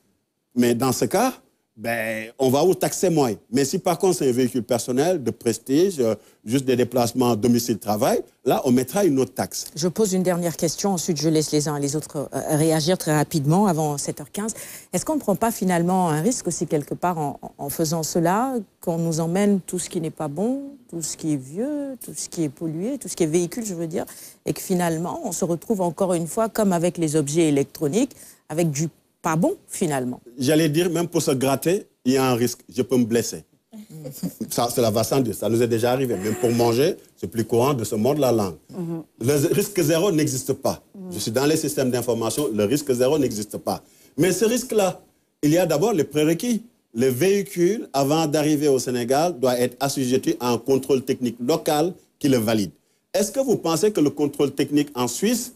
mais dans ce cas, ben, on va vous taxer moins. Mais si par contre c'est un véhicule personnel, de prestige, euh, juste des déplacements domicile-travail, là, on mettra une autre taxe. Je pose une dernière question, ensuite je laisse les uns et les autres euh, réagir très rapidement avant 7h15. Est-ce qu'on ne prend pas finalement un risque aussi quelque part en, en faisant cela, qu'on nous emmène tout ce qui n'est pas bon, tout ce qui est vieux, tout ce qui est pollué, tout ce qui est véhicule, je veux dire, et que finalement on se retrouve encore une fois comme avec les objets électroniques, avec du bon finalement. J'allais dire, même pour se gratter, il y a un risque. Je peux me blesser. (laughs) ça, c'est va sans de. Ça nous est déjà arrivé. Même pour manger, c'est plus courant de se mordre la langue. Mhm. Le risque zéro n'existe pas. Mhm. Je suis dans les systèmes d'information, le risque zéro n'existe pas. Mais ce risque-là, il y a d'abord les prérequis. Le véhicule, avant d'arriver au Sénégal, doit être assujetti à un contrôle technique local qui le valide. Est-ce que vous pensez que le contrôle technique en Suisse,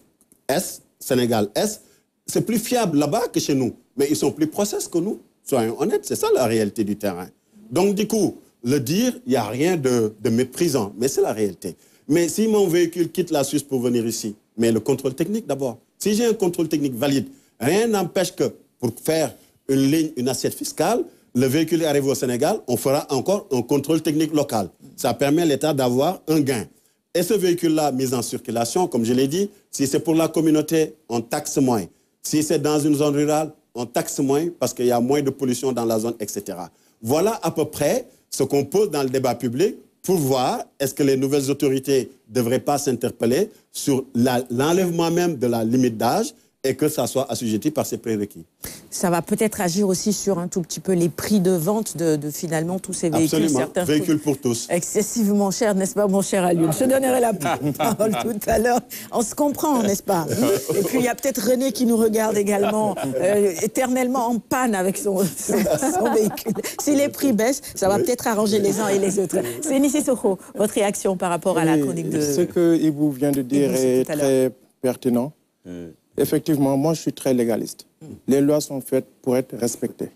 S, Sénégal, S, c'est plus fiable là-bas que chez nous. Mais ils sont plus process que nous. Soyons honnêtes, c'est ça la réalité du terrain. Donc, du coup, le dire, il n'y a rien de, méprisant, mais c'est la réalité. Mais si mon véhicule quitte la Suisse pour venir ici, mais le contrôle technique d'abord. Si j'ai un contrôle technique valide, rien n'empêche que pour faire une ligne, une assiette fiscale, le véhicule arrive au Sénégal, on fera encore un contrôle technique local. Ça permet à l'État d'avoir un gain. Et ce véhicule-là, mis en circulation, comme je l'ai dit, si c'est pour la communauté, on taxe moins. Si c'est dans une zone rurale, on taxe moins parce qu'il y a moins de pollution dans la zone, etc. Voilà à peu près ce qu'on pose dans le débat public pour voir est-ce que les nouvelles autorités ne devraient pas s'interpeller sur l'enlèvement même de la limite d'âge et que ça soit assujetti par ces prérequis. Ça va peut-être agir aussi sur un tout petit peu les prix de vente de, finalement tous ces véhicules. Absolument, véhicules pour tous. Excessivement cher, n'est-ce pas, mon cher Alioune Je donnerai la (laughs) parole tout à l'heure. On se comprend, n'est-ce pas (laughs) Et puis il y a peut-être René qui nous regarde également, euh, éternellement en panne avec son, véhicule. Si les prix baissent, ça va peut-être arranger les uns et les autres. C'est Nissi Soho, votre réaction par rapport à la chronique de... Ce que vous vient de dire est, très pertinent. Euh, Effectivement, moi, je suis très légaliste. Les lois sont faites pour être respectées.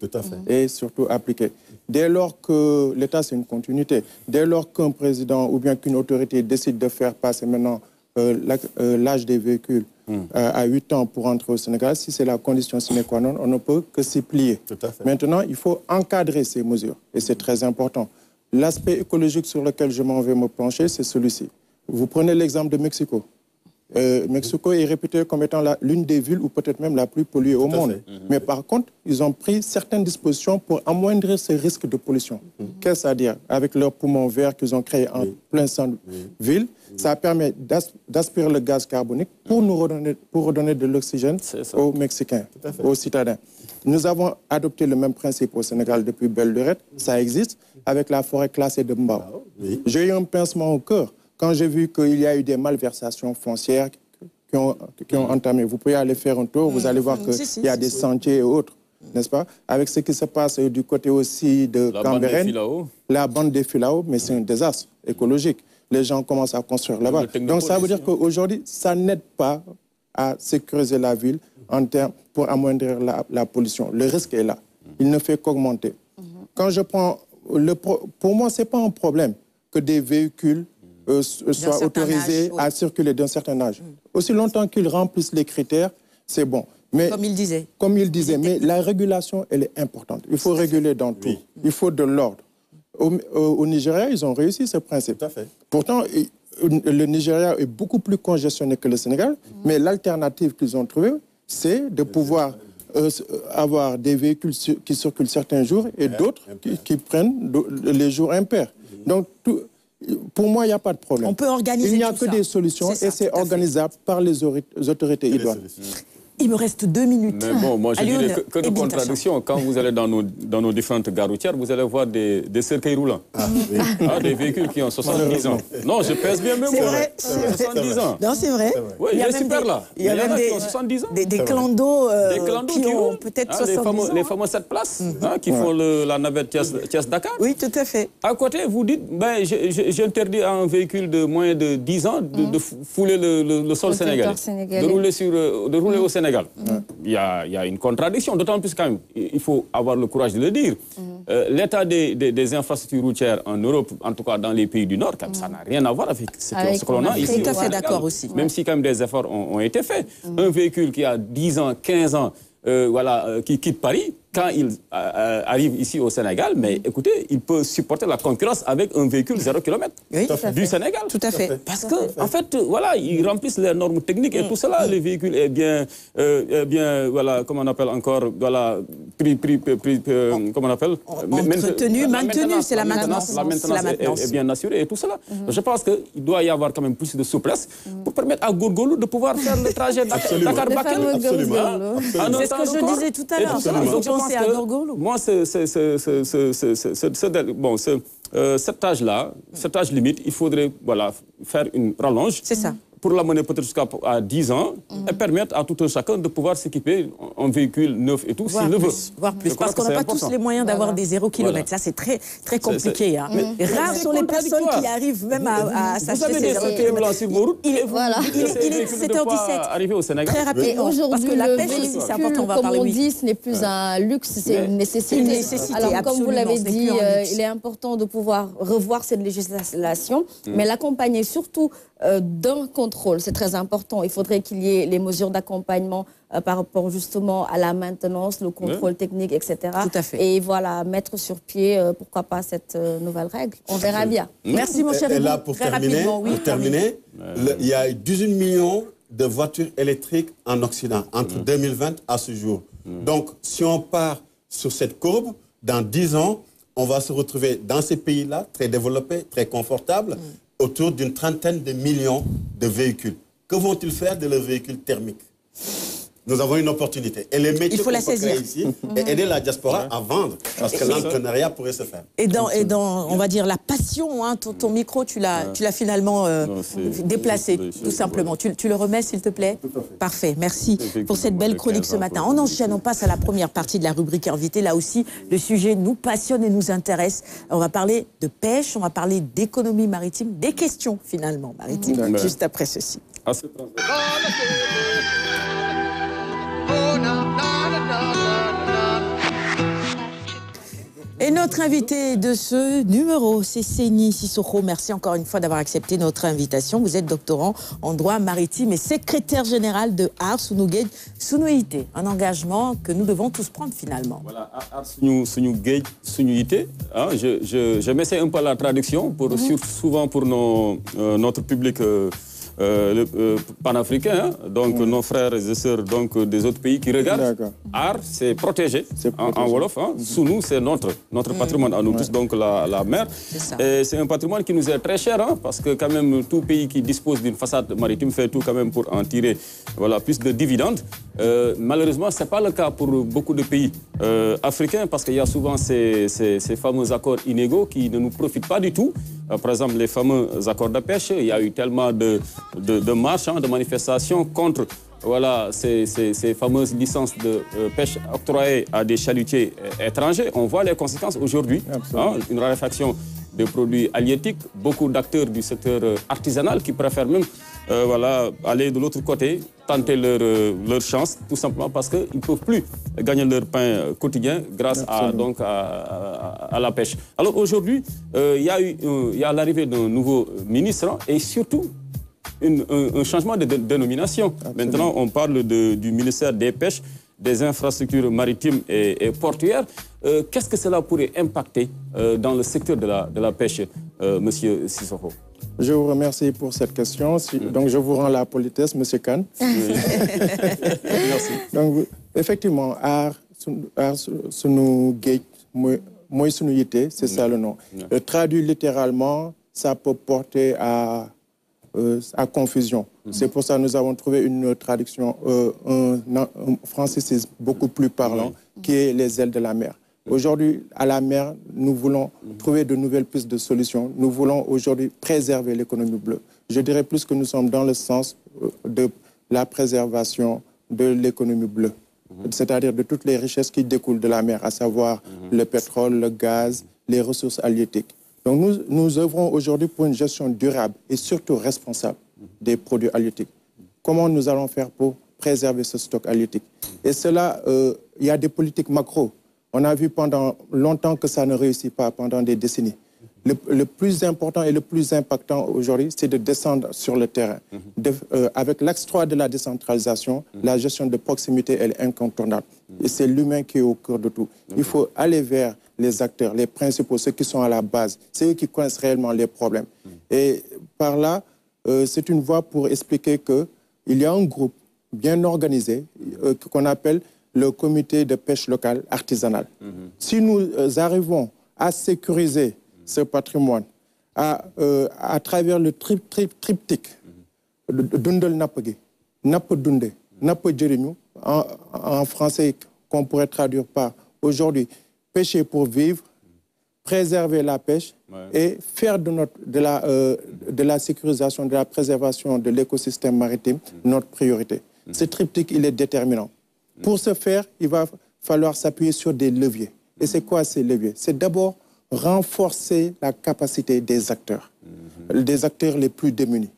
Et surtout appliquées. Dès lors que l'État, c'est une continuité, dès lors qu'un président ou bien qu'une autorité décide de faire passer maintenant euh, euh, l'âge des véhicules hmm. euh, à 8 ans pour entrer au Sénégal, si c'est la condition sine qua non, on ne peut que s'y plier. Maintenant, il faut encadrer ces mesures. Et c'est très important. L'aspect écologique sur lequel je m'en vais me pencher, c'est celui-ci. Vous prenez l'exemple de Mexico. Euh, Mexico est réputé comme étant l'une des villes ou peut-être même la plus polluée au monde. Mais par contre, ils ont pris certaines dispositions pour amoindrir ce risque de pollution. Mhm. Qu'est-ce à dire Avec leurs poumons verts qu'ils ont créés en plein centre-ville, ça permet d'aspirer le gaz carbonique pour mhm. nous redonner, pour redonner de l'oxygène aux Mexicains, aux citadins. Nous avons adopté le même principe au Sénégal depuis Belle Lurette. Ça existe avec la forêt classée de Mbao. J'ai eu un pincement au cœur quand j'ai vu qu'il y a eu des malversations foncières qui ont, ont mm. entamé, vous pouvez aller faire un tour, vous mm. allez voir qu'il y a des sentiers et autres, mm. n'est-ce pas Avec ce qui se passe du côté aussi de la la bande des Filao, mais c'est un désastre écologique. Les gens commencent à construire là-bas. Donc ça veut dire qu'aujourd'hui, ça n'aide pas à sécuriser la ville en termes pour amoindrir la, pollution. Le risque est là. Il ne fait qu'augmenter. Mm-hmm. Quand je prends le pour moi, c'est pas un problème que des véhicules euh, euh, soit soient autorisés à circuler d'un certain âge. Mm. Aussi longtemps qu'ils remplissent les critères, c'est bon. Mais, comme il disait. Comme il disait, mais la régulation, elle est importante. Il faut réguler dans tout. Il faut de l'ordre. Au, Nigeria, ils ont réussi ce principe. à fait. Pourtant, euh, le Nigeria est beaucoup plus congestionné que le Sénégal, mm. mais l'alternative qu'ils ont trouvée, c'est de pouvoir avoir des véhicules qui circulent certains jours et d'autres qui, prennent les jours impairs. Donc, tout, pour moi, il n'y a pas de problème. On Il n'y a que des solutions et c'est organisable par les autorités idoines. Il me reste deux minutes. Mais bon, moi je dis dirais que, de contradictions. Quand vous allez dans nos, dans nos différentes gares routières, vous allez voir des, des cercueils roulants. Ah, ah, des véhicules qui ont 70 ans. Non, je pèse bien mes C'est vrai. 70 ans. Non, c'est vrai. Oui, il y a super là. Il y, a des, qui ont 70 ans. Des, des euh, qui, ont, peut-être 70 ah, ans. Les fameux 7 places mhm. hein, qui font la navette Thiès-Dakar. oui, tout à fait. À côté, vous dites, ben, j'interdis à un véhicule de moins de 10 ans de, mhm. fouler le, sol sénégalais, De rouler, sur, euh, de rouler au Sénégal. Mhm. Il y, a, une contradiction, d'autant plus quand même, il faut avoir le courage de le dire. Mm-hmm. Euh, l'état des, infrastructures routières en Europe, en tout cas dans les pays du Nord, mm-hmm. ça n'a rien à voir avec ce, que l'on a ici. Tout à fait d'accord aussi. Même si quand même des efforts ont, été faits. Mm-hmm. Un véhicule qui a 10 ans, 15 ans, euh, voilà, euh, qui quitte Paris, quand il euh, euh, arrive ici au Sénégal, mais mm. écoutez, il peut supporter la concurrence avec un véhicule 0 km du Sénégal. Tout à fait. Parce que, en fait, voilà, ils mm. remplissent les normes techniques et mm. tout cela. Le véhicule est bien, euh, bien, voilà, comment on appelle encore, voilà, prix, prix, comment on appelle Entretenu, maintenu, c'est la maintenance. La maintenance, est, bien assurée et tout cela. Mm-hmm. Je pense qu'il doit y avoir quand même plus de souplesse pour permettre à Gourgoulou de pouvoir faire le trajet Dakar-Bakel. Hein? C'est ce que je disais tout à l'heure. Moi, ce, bon, cet âge-là, cet âge limite, il faudrait voilà, faire une rallonge. C'est ça pour la l'amener peut-être jusqu'à 10 ans mhm. et permettre à tout un chacun de pouvoir s'équiper en véhicule neuf et tout s'il le veut. Voire plus, parce qu'on n'a pas tous les moyens d'avoir des 0 kilomètres, Ça, c'est très, très compliqué. Hein. Rares sont les personnes qui arrivent même à, à s'acheter ces Vous il, est, voilà. il, est, il est h 17 Arrivé au Sénégal. Très rapidement. Parce que la pêche On va comme on dit, ce n'est plus un luxe, c'est une nécessité. Alors, comme vous l'avez dit, euh, il est important de pouvoir revoir cette législation, mm. mais l'accompagner surtout euh, d'un contrôle c'est très important. Il faudrait qu'il y ait les mesures d'accompagnement euh, par rapport justement à la maintenance, le contrôle technique, etc. Tout Et voilà, mettre sur pied, euh, pourquoi pas, cette euh, nouvelle règle. On verra bien. Merci, mon cher. Et, là, pour terminer, terminer il y a 18 millions de voitures électriques en Occident entre 2020 mm. à ce jour. Mm. Donc, si on part sur cette courbe, dans 10 ans, on va se retrouver dans ces pays-là, très développés, très confortables, mm autour d'une trentaine de millions de véhicules. Que vont-ils faire de leurs véhicules thermiques nous avons une opportunité. Et les métiers qu'on créer ici et mm-hmm. aider la diaspora à vendre, parce que l'entrepreneuriat pourrait se faire. Et dans, et dans, on va dire, la passion, hein, ton, micro, tu l'as l'as finalement euh, déplacé, tout simplement. Tu, le remets, s'il te plaît Parfait, merci pour cette belle chronique ce matin. Hein, on enchaîne, on passe à la première partie de la rubrique invité. Là aussi, le sujet nous passionne et nous intéresse. On va parler de pêche, on va parler d'économie maritime, des questions finalement maritimes, juste après ceci. À ah, Et notre invité de ce numéro, c'est Séni Sissoko. Merci encore une fois d'avoir accepté notre invitation. Vous êtes doctorant en droit maritime et secrétaire général de Ars Sunuité, un engagement que nous devons tous prendre finalement. Voilà, Ars Sunuité. Hein, je, je, je, un peu la traduction pour, mhm. souvent pour euh, notre public. Euh, euh, euh, panafricain hein. donc nos frères et sœurs donc, des autres pays qui regardent. Art, c'est protégé, en, Wolof. Hein. Mhm. Sous nous, c'est notre, notre mhm. patrimoine, à nous tous, donc la, mer. C'est un patrimoine qui nous est très cher, hein, parce que quand même, tout pays qui dispose d'une façade maritime fait tout quand même pour en tirer voilà, plus de dividendes. Euh, malheureusement, ce n'est pas le cas pour beaucoup de pays euh, africains parce qu'il y a souvent ces, fameux accords inégaux qui ne nous profitent pas du tout. Euh, par exemple, les fameux accords de pêche, il y a eu tellement de, de, marches, hein, de manifestations contre voilà, ces, fameuses licences de euh, pêche octroyées à des chalutiers euh, étrangers, on voit les conséquences aujourd'hui. Hein, une raréfaction des produits halieutiques, beaucoup d'acteurs du secteur euh, artisanal qui préfèrent même voilà, aller de l'autre côté, tenter leur, chance, tout simplement parce qu'ils ne peuvent plus gagner leur pain quotidien grâce à, donc, à, la pêche. Alors aujourd'hui, il y a l'arrivée d'un nouveau ministre hein, et surtout un, changement de, dénomination. Maintenant, on parle du ministère des Pêches, des infrastructures maritimes et, portuaires. Euh, qu'est-ce que cela pourrait impacter euh, dans le secteur de la, pêche, euh, Monsieur Sissoko je vous remercie pour cette question. Mm. Donc, je vous rends la politesse, Monsieur Kahn. (laughs) Merci. Donc, effectivement, Ar sunu c'est mm. ça le nom. Mm. Euh, traduit littéralement, ça peut porter à euh, à confusion. Mhm. C'est pour ça que nous avons trouvé une traduction, euh, un, un, beaucoup plus parlant, qui est les ailes de la mer. Aujourd'hui, à la mer, nous voulons mhm. trouver de nouvelles pistes de solutions. Nous voulons aujourd'hui préserver l'économie bleue. Je dirais plus que nous sommes dans le sens euh, de la préservation de l'économie bleue, mhm. c'est-à-dire de toutes les richesses qui découlent de la mer, à savoir le pétrole, le gaz, les ressources halieutiques. Donc nous, œuvrons aujourd'hui pour une gestion durable et surtout responsable des produits halieutiques. Comment nous allons faire pour préserver ce stock halieutique Et cela, euh, il y a des politiques macro. On a vu pendant longtemps que ça ne réussit pas, pendant des décennies. Le, plus important et le plus impactant aujourd'hui, c'est de descendre sur le terrain. Euh, avec l'axe 3 de la décentralisation, la gestion de proximité, elle est incontournable. Et c'est l'humain qui est au cœur de tout. Il faut aller vers les acteurs, les principaux, ceux qui sont à la base, ceux qui connaissent réellement les problèmes. Et par là, euh, c'est une voie pour expliquer qu'il y a un groupe bien organisé euh, qu'on appelle le comité de pêche locale artisanale. Mhm. Si nous euh, arrivons à sécuriser ce patrimoine à, à travers le tri tri triptyque mhm. Dundel en français qu'on pourrait traduire par aujourd'hui, pêcher pour vivre, préserver la pêche et faire de, notre, la, euh, de la sécurisation, de la préservation de l'écosystème maritime mm. notre priorité. Mm. Ce triptyque, il est déterminant. Mm. Pour ce faire, il va falloir s'appuyer sur des leviers. Et c'est quoi ces leviers C'est d'abord renforcer la capacité des acteurs, mm-hmm. des acteurs les plus démunis,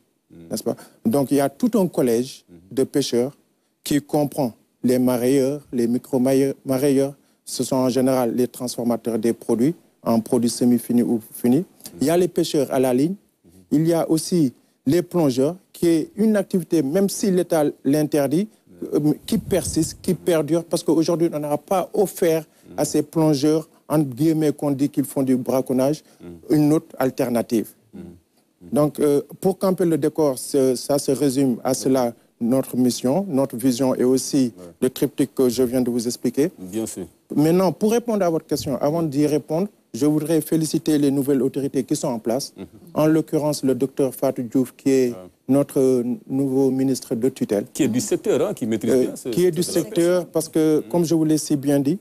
n'est-ce pas Donc il y a tout un collège mm-hmm. de pêcheurs qui comprend les marailleurs, les micro-marailleurs, ce sont en général les transformateurs des produits en produits semi-finis ou finis. Il y a les pêcheurs à la ligne. Il y a aussi les plongeurs, qui est une activité, même si l'État l'interdit, euh, qui persiste, qui perdure, parce qu'aujourd'hui, on n'aura pas offert à ces plongeurs, en guillemets, qu'on dit qu'ils font du braconnage, mm. une autre alternative. Mm. Mm. Donc, euh, pour camper le décor, ça se résume à cela, notre mission, notre vision et aussi le triptyque que je viens de vous expliquer. Bien sûr. Maintenant, pour répondre à votre question, avant d'y répondre, je voudrais féliciter les nouvelles autorités qui sont en place, mhm. en l'occurrence le docteur Fatou Diouf, qui est ah. notre nouveau ministre de tutelle. Qui est du secteur, hein, qui maîtrise euh, bien ce, Qui est du secteur, parce que, mhm. comme je vous l'ai si bien dit,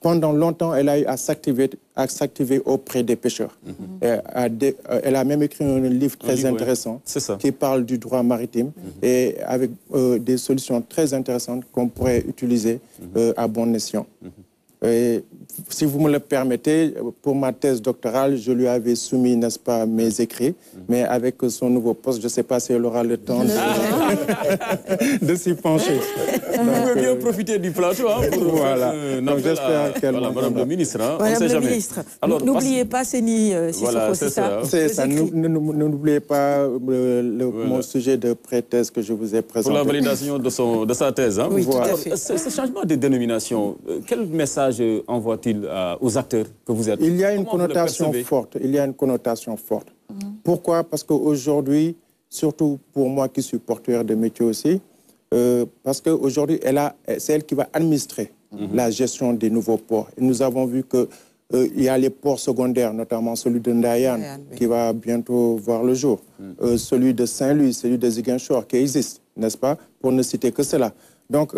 pendant longtemps, elle a eu à s'activer auprès des pêcheurs. Mhm. Euh, elle a même écrit un livre très intéressant qui parle du droit maritime et avec euh, des solutions très intéressantes qu'on pourrait utiliser à bon escient. 哎。si vous me le permettez, pour ma thèse doctorale, je lui avais soumis, n'est-ce pas, mes écrits. Mhm. Mais avec son nouveau poste, je ne sais pas si elle aura le temps de, ah. (laughs) s'y pencher. Vous pouvez bien euh, profiter du plateau. Hein, pour voilà. Donc j'espère euh, qu'elle. Voilà, Madame le ministre. Hein, on sait le jamais. ministre. N'oubliez pas euh, c'est ni si c'est ça. C'est ça. N'oubliez pas mon sujet de pré-thèse que je vous ai présenté. Pour la validation de, son, de sa thèse. Hein. Oui, tout à fait. Ce, ce changement de dénomination, quel message envoie euh, aux acteurs que vous êtes Il y a une connotation forte. Il y a une connotation forte. Mhm. Pourquoi Parce qu'aujourd'hui, surtout pour moi qui suis porteur de métier aussi, euh, parce qu'aujourd'hui, c'est elle qui va administrer mhm. la gestion des nouveaux ports. Et nous avons vu que euh, il y a les ports secondaires, notamment celui de Ndayan, qui va bientôt voir le jour, mhm. celui de Saint-Louis, celui de Ziguinchor, qui existe, n'est-ce pas, pour ne citer que cela. Donc,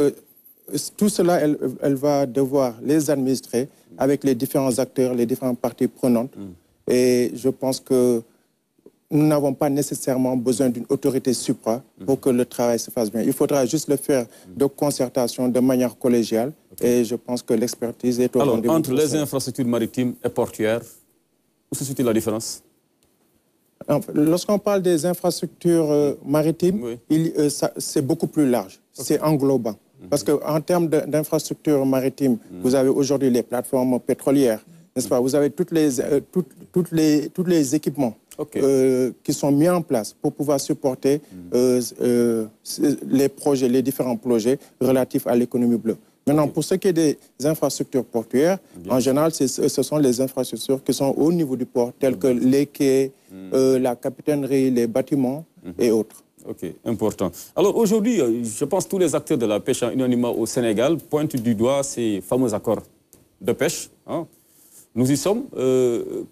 tout cela, elle, va devoir les administrer avec les différents acteurs, les différentes parties prenantes. Mm. Et je pense que nous n'avons pas nécessairement besoin d'une autorité supra mm. pour que le travail se fasse bien. Il faudra juste le faire mm. de concertation, de manière collégiale. Et je pense que l'expertise est au Alors, entre les infrastructures maritimes et portuaires, où se situe la différence Lorsqu'on parle des infrastructures euh, maritimes, euh, c'est beaucoup plus large, c'est englobant. Parce qu'en termes d'infrastructures maritimes, vous avez aujourd'hui les plateformes pétrolières, n'est-ce pas Vous avez toutes les, euh, tous les équipements euh, qui sont mis en place pour pouvoir supporter mm. euh, les projets, les différents projets relatifs à l'économie bleue. Maintenant, pour ce qui est des infrastructures portuaires, en général, ce sont les infrastructures qui sont au niveau du port, telles que mm. les quais, mm. la capitainerie, les bâtiments mm-hmm. et autres. Ok, important. Alors aujourd'hui, euh, je pense que tous les acteurs de la pêche unanimement au Sénégal pointent du doigt ces fameux accords de pêche. Hein. Nous y sommes. Euh,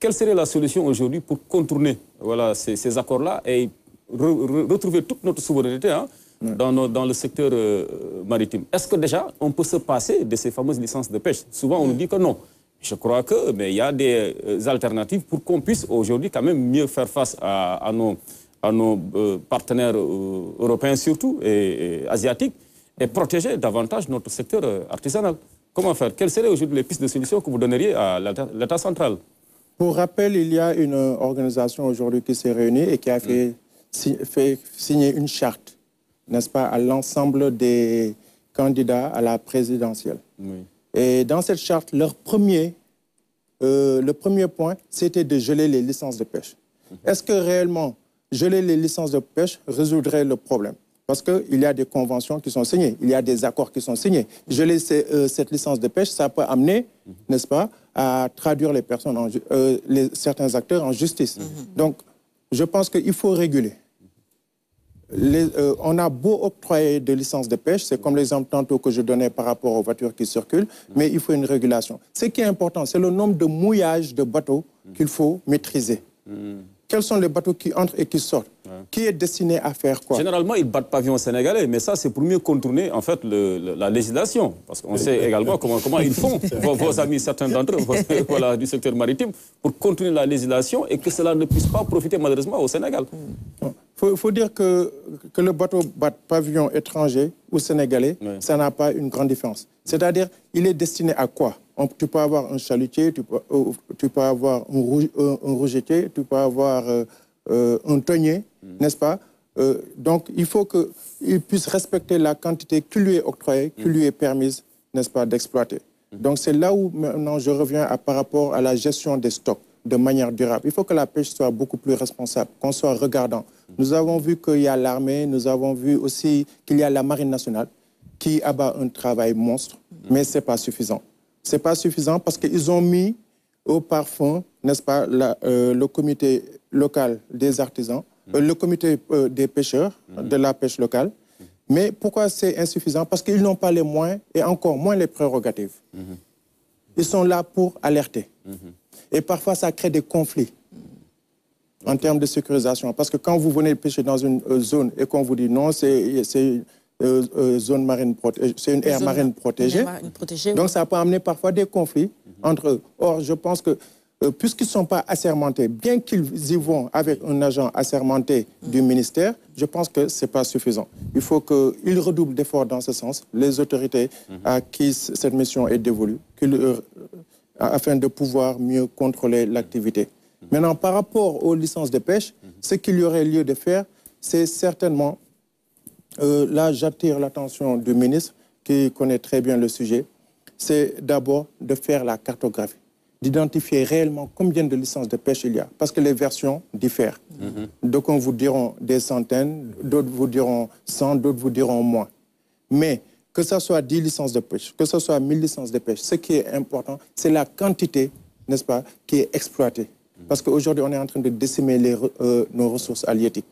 quelle serait la solution aujourd'hui pour contourner voilà, ces, accords-là et retrouver toute notre souveraineté hein, dans, dans, le secteur euh, maritime Est-ce que déjà on peut se passer de ces fameuses licences de pêche Souvent on nous dit que non. Je crois que, mais il y a des alternatives pour qu'on puisse aujourd'hui quand même mieux faire face à, à nos à nos euh, partenaires euh, européens surtout et, asiatiques et protéger davantage notre secteur euh, artisanal. Comment faire Quelles seraient aujourd'hui les pistes de solutions que vous donneriez à l'État central Pour rappel, il y a une organisation aujourd'hui qui s'est réunie et qui a mm. fait, signer une charte, n'est-ce pas, à l'ensemble des candidats à la présidentielle. Et dans cette charte, leur premier, le premier point, c'était de geler les licences de pêche. Mm-hmm. Est-ce que réellement geler les licences de pêche résoudrait le problème. Parce qu'il y a des conventions qui sont signées, il y a des accords qui sont signés. Je laisse euh, cette licence de pêche, ça peut amener, mhm. n'est-ce pas, à traduire les personnes, en, euh, les, certains acteurs en justice. Mhm. Donc, je pense qu'il faut réguler. Euh, on a beau octroyer des licences de pêche, c'est comme l'exemple tantôt que je donnais par rapport aux voitures qui circulent, mhm. mais il faut une régulation. Ce qui est important, c'est le nombre de mouillages de bateaux qu'il faut maîtriser quels sont les bateaux qui entrent et qui sortent Qui est destiné à faire quoi Généralement, ils battent pavillon sénégalais, mais ça, c'est pour mieux contourner en fait la législation, parce qu'on sait également comment, ils font, (laughs) vos, amis, certains d'entre eux, (laughs) voilà, du secteur maritime, pour contourner la législation et que cela ne puisse pas profiter malheureusement au Sénégal. Il faut, dire que, que le bateau batte pavillon étranger ou sénégalais, ça n'a pas une grande différence. C'est-à-dire, il est destiné à quoi on, tu peux avoir un chalutier, tu peux, euh, tu peux avoir un, euh, un, rejeté, tu peux avoir euh, un tonnier, hmm. n'est-ce pas Donc, il faut qu'il puisse respecter la quantité qui lui est octroyée, qui hmm. lui est permise, n'est-ce pas, d'exploiter. Hmm. Donc, c'est là où maintenant je reviens à, par rapport à la gestion des stocks de manière durable. Il faut que la pêche soit beaucoup plus responsable, qu'on soit regardant. Nous avons vu qu'il y a l'armée, nous avons vu aussi qu'il y a la marine nationale qui abat un travail monstre, mais ce n'est pas suffisant ce n'est pas suffisant parce qu'ils ont mis au parfum, n'est-ce pas, euh, le comité local des artisans, euh, le comité euh, des pêcheurs, mhm. de la pêche locale. Mais pourquoi c'est insuffisant Parce qu'ils n'ont pas les moyens et encore moins les prérogatives. Mhm. Ils sont là pour alerter. Mhm. Et parfois, ça crée des conflits en termes de sécurisation. Parce que quand vous venez pêcher dans une zone et qu'on vous dit non, c'est euh, euh, zone marine euh, c'est une aire marine protégée. Donc ça peut amener parfois des conflits mhm. entre eux. Or, je pense que puisqu'ils ne sont pas assermentés, bien qu'ils y vont avec un agent assermenté mhm. du ministère, je pense que ce n'est pas suffisant. Il faut qu'ils redoublent d'efforts dans ce sens, les autorités mhm. à qui cette mission est dévolue, afin de pouvoir mieux contrôler l'activité. Maintenant, par rapport aux licences de pêche, ce qu'il y aurait lieu de faire, c'est certainement euh, là, j'attire l'attention du ministre qui connaît très bien le sujet. C'est d'abord de faire la cartographie, d'identifier réellement combien de licences de pêche il y a, parce que les versions diffèrent. Mhm. vous diront des centaines, d'autres vous diront 100, d'autres vous diront moins. Mais que ce soit 10 licences de pêche, que ce soit 1000 licences de pêche, ce qui est important, c'est la quantité, n'est-ce pas, qui est exploitée. Parce qu'aujourd'hui, on est en train de décimer euh, nos ressources halieutiques.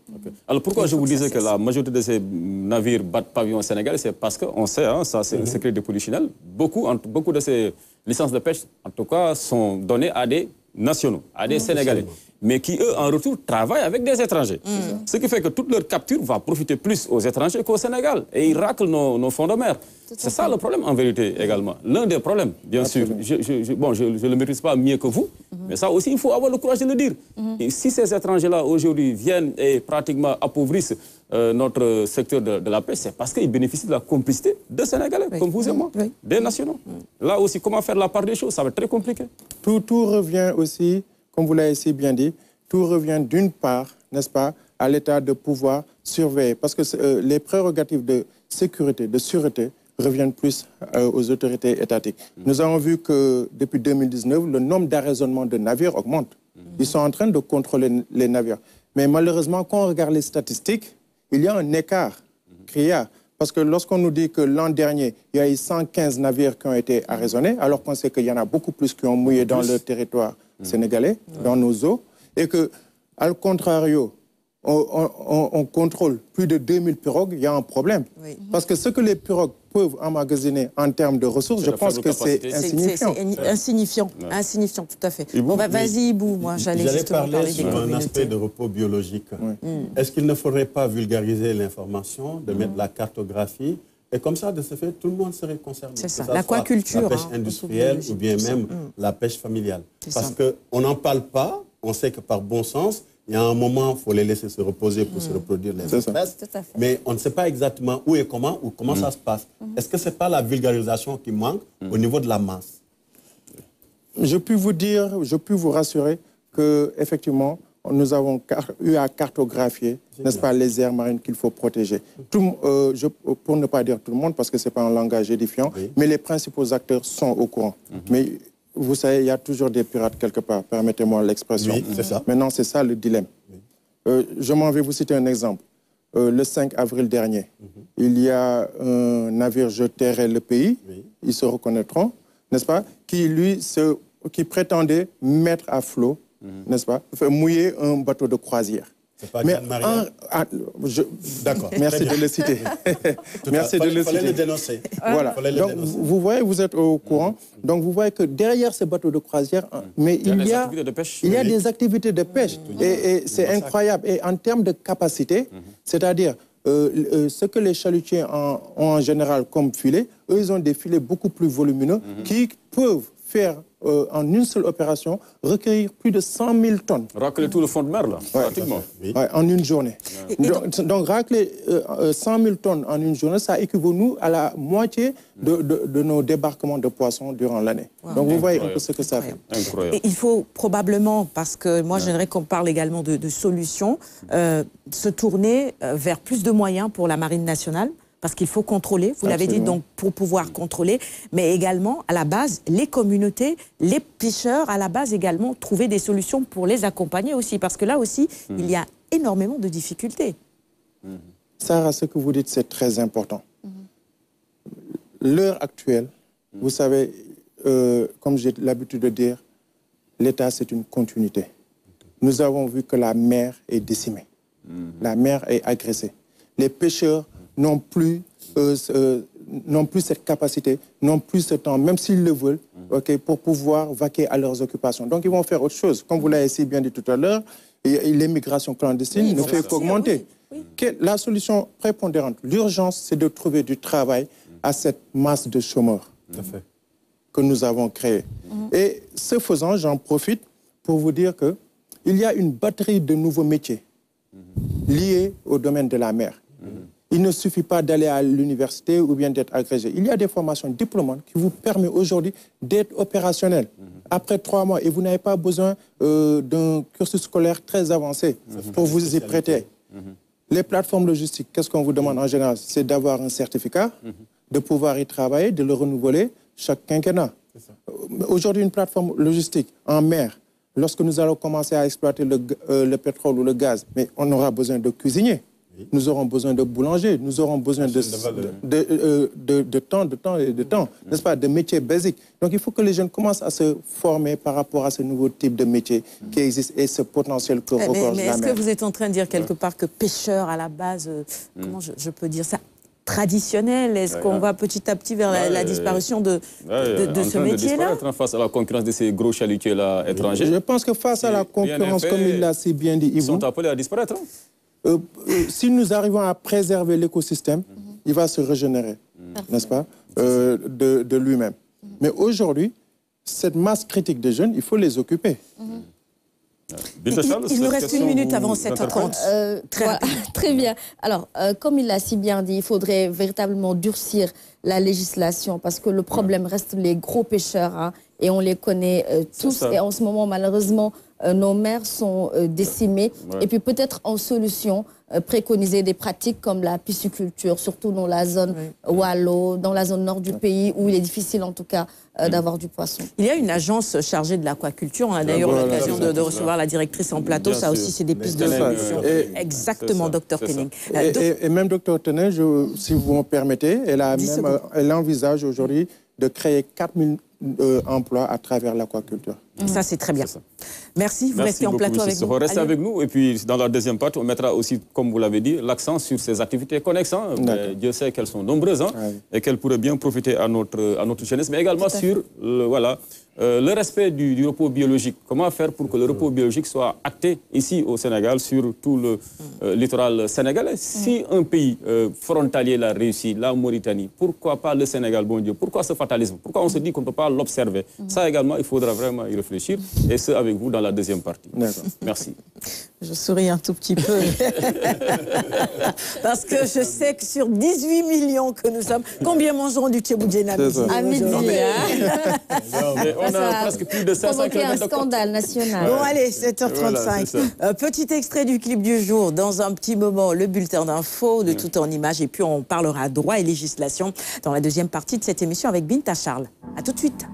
Alors pourquoi je vous disais que la majorité de ces navires battent pavillon au Sénégal C'est parce qu'on sait, hein, ça c'est un mhm. secret de beaucoup, beaucoup de ces licences de pêche, en tout cas, sont données à des nationaux, à des Sénégalais mais qui, eux, en retour, travaillent avec des étrangers. Mm. Ce qui fait que toute leur capture va profiter plus aux étrangers qu'au Sénégal. Et ils raclent nos, fonds de mer. C'est ça le problème, en vérité, mm. également. L'un des problèmes, bien sûr. Je, bon, je ne le maîtrise pas mieux que vous, mm-hmm. mais ça aussi, il faut avoir le courage de le dire. Mm-hmm. si ces étrangers-là, aujourd'hui, viennent et pratiquement appauvrissent euh, notre secteur de, la pêche, c'est parce qu'ils bénéficient de la complicité de Sénégalais, comme vous et moi, des nationaux. Mm. Là aussi, comment faire la part des choses Ça va être très compliqué. Tout, tout revient aussi comme vous l'avez si bien dit, tout revient d'une part, n'est-ce pas, à l'État de pouvoir surveiller. Parce que euh, les prérogatives de sécurité, de sûreté, reviennent plus euh, aux autorités étatiques. Mm. Nous avons vu que depuis 2019, le nombre d'arraisonnements de navires augmente. Mm. Ils sont en train de contrôler les navires. Mais malheureusement, quand on regarde les statistiques, il y a un écart créé. Mm. Parce que lorsqu'on nous dit que l'an dernier, il y a eu 115 navires qui ont été arraisonnés, alors qu'on sait qu'il y en a beaucoup plus qui ont mouillé dans le territoire mm. sénégalais, dans nos eaux, et que, al contrario, on, contrôle plus de 2000 pirogues, il y a un problème. Parce que ce que les pirogues peuvent emmagasiner en termes de ressources, je pense que c'est insignifiant. C'est insignifiant, tout à fait. Bon, bah, Vas-y, Ibou, moi j'allais parler, parler un aspect de repos biologique. Hmm. Est-ce qu'il ne faudrait pas vulgariser l'information, de mettre hmm. la cartographie et comme ça, de ce fait, tout le monde serait concerné. C'est ça, l'aquaculture. La hein, pêche industrielle ou bien même hmm. la pêche familiale. Parce qu'on n'en parle pas, on sait que par bon sens, il y a un moment, il faut les laisser se reposer pour se mm. reproduire les espèces. Mais on ne sait pas exactement où et comment ou comment mm. ça se passe. Mm-hmm. Est-ce que ce n'est pas la vulgarisation qui manque mm. au niveau de la masse Je puis vous dire, je puis vous rassurer que effectivement, nous avons eu à cartographier, n'est-ce pas, les aires marines qu'il faut protéger. Tout, euh, je, pour ne pas dire tout le monde, parce que ce n'est pas un langage édifiant, mais les principaux acteurs sont au courant. Mm-hmm vous savez, il y a toujours des pirates quelque part, permettez-moi l'expression. Oui, c'est ça. Maintenant, c'est ça le dilemme. Euh, je m'en vais vous citer un exemple. Euh, le 5 avril dernier, mhm. il y a un navire jeté le pays, ils se reconnaîtront, n'est-ce pas, qui lui qui prétendait mettre à flot, mhm. n'est-ce pas, mouiller un bateau de croisière. D'accord. Merci de le citer. (laughs) Merci de le citer. Il fallait le dénoncer. Voilà. Donc, vous voyez, vous êtes au courant. Mm-hmm. Donc, vous voyez que derrière ces bateaux de croisière, mm-hmm. mais il y a, il y a, des, activités de pêche. Mm-hmm. Et, c'est incroyable. Et en termes de capacité, c'est-à-dire euh, euh, ce que les chalutiers ont en général comme filet, eux, ils ont des filets beaucoup plus volumineux qui peuvent faire euh, en une seule opération, recueillir plus de 100 000 tonnes. Racler tout le fond de mer, là, pratiquement. Oui. en une journée. donc, racler 100 euh, 000 euh, tonnes en une journée, ça équivaut nous à la moitié de, nos débarquements de poissons durant l'année. Donc, vous voyez un peu ce que ça fait. Incroyable. Et il faut probablement, parce que moi, j'aimerais qu'on parle également de, solutions, se tourner vers plus de moyens pour la Marine nationale parce qu'il faut contrôler, vous l'avez dit, donc pour pouvoir contrôler, mais également à la base, les communautés, les pêcheurs, à la base également, trouver des solutions pour les accompagner aussi, parce que là aussi, hmm. il y a énormément de difficultés. Mmh. Sarah, ce que vous dites, c'est très important. Hmm. L'heure actuelle, hmm. vous savez, euh, comme j'ai l'habitude de dire, l'État, c'est une continuité. Nous avons vu que la mer est décimée, la mer est agressée. Les pêcheurs n'ont plus, euh, euh, plus cette capacité, n'ont plus ce temps, même s'ils le veulent, mm. pour pouvoir vaquer à leurs occupations. Donc ils vont faire autre chose. Comme vous l'avez si bien dit tout à l'heure, l'immigration clandestine ne fait qu'augmenter. La solution prépondérante, l'urgence, c'est de trouver du travail mm. à cette masse de chômeurs mm. que nous avons créée. Et ce faisant, j'en profite pour vous dire qu'il il y a une batterie de nouveaux métiers liés au domaine de la mer. Il ne suffit pas d'aller à l'université ou bien d'être agrégé. Il y a des formations diplômantes qui vous permettent aujourd'hui d'être opérationnel mhm. après trois mois. Et vous n'avez pas besoin euh, d'un cursus scolaire très avancé mhm. pour vous y prêter. Mhm. Les plateformes logistiques, qu'est-ce qu'on vous demande en général C'est d'avoir un certificat, de pouvoir y travailler, de le renouveler chaque quinquennat. Euh, aujourd'hui, une plateforme logistique en mer, lorsque nous allons commencer à exploiter le, euh, le pétrole ou le gaz, mais on aura besoin de cuisiniers. Nous aurons besoin de boulangers, nous aurons besoin de, hein. euh, de, de, temps, de temps et de temps, mm. n'est-ce pas, de métiers basiques. Donc il faut que les jeunes commencent à se former par rapport à ce nouveau type de métier mm. qui existe et ce potentiel que eh, la Mais, mais est-ce que vous êtes en train de dire quelque part que pêcheur à la base, euh, mm. comment je, peux dire ça traditionnel Est-ce qu'on va petit à petit vers la, disparition de, de, ce métier-là hein, Face à la concurrence de ces gros chalutiers-là étrangers Je pense que face à la concurrence, comme il l'a si bien dit Ils sont appelés à disparaître. Hein. Euh, euh, si nous arrivons à préserver l'écosystème, il va se régénérer, n'est-ce pas, euh, de, lui-même. Mhm. Mais aujourd'hui, cette masse critique des jeunes, il faut les occuper. Mhm. Il, nous reste une minute avant 7h30. (laughs) très, bien. Alors, comme il l'a si bien dit, il faudrait véritablement durcir la législation parce que le problème reste les gros pêcheurs hein, et on les connaît tous. Et en ce moment, malheureusement, euh, nos mers sont euh, décimées. Et puis peut-être en solution, euh, préconiser des pratiques comme la pisciculture, surtout dans la zone Wallo, dans la zone nord du pays, où il est difficile en tout cas mm. d'avoir du poisson. Il y a une agence chargée de l'aquaculture. On hein, a ah d'ailleurs l'occasion de, recevoir la directrice en plateau. ça aussi, c'est des pistes de solution. Exactement, docteur Tenning. – Et, même docteur Tenning, si vous me permettez, elle, a elle envisage aujourd'hui de créer 4000 euh, emploi à travers l'aquaculture. Ça, c'est très bien. Merci. Vous restez en plateau avec nous. Restez reste avec nous. Et puis, dans la deuxième partie, on mettra aussi, comme vous l'avez dit, l'accent sur ces activités connexes. Hein. Dieu sait qu'elles sont nombreuses hein, et qu'elles pourraient bien profiter à notre, à notre jeunesse, mais également sur le, voilà, euh, le respect du, repos biologique, comment faire pour que le repos biologique soit acté ici au Sénégal, sur tout le euh, littoral sénégalais Si mm. un pays euh, frontalier l'a réussi, la Mauritanie, pourquoi pas le Sénégal, bon Dieu Pourquoi ce fatalisme Pourquoi on se dit qu'on ne peut pas l'observer mm. Ça également, il faudra vraiment y réfléchir, et ce avec vous dans la deuxième partie. Merci. Je souris un tout petit peu, (laughs) parce que je sais que sur 18 millions que nous sommes, combien mangeront du tchéboudjéna ?– À midi, hein? (laughs) on a presque plus de 500 km un scandale national. Bon, allez, 7h35. Euh, petit extrait du clip du jour. Dans un petit moment, le bulletin d'infos de tout en images. Et puis, on parlera droit et législation dans la deuxième partie de cette émission avec Binta Charles. À tout de suite.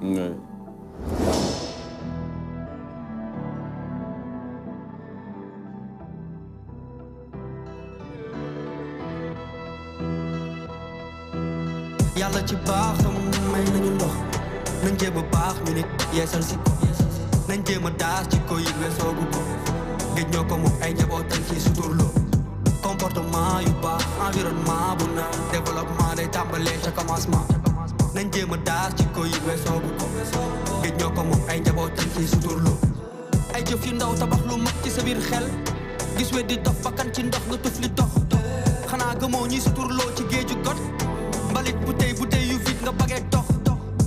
minute yeesal si ko nañ jéem a taar ci ko yi weesoo gu ko géej ñoo ko moom ay njabootam ci suturloo comportement yu baax environnement bu na développement day tàmbalee ca commencement nañ jéem a taar ci ko yi weesoo gu ko géej ñoo ko moom ay njabootam ci suturloo ay jëf yu ndaw tabax lu mag ci sa biir xel gis we di dof bakkan ci ndox nga tuf li dox xanaa gëmoo ñuy suturloo ci géeju got mbalit bu tey bu tey yu vite nga bagee dox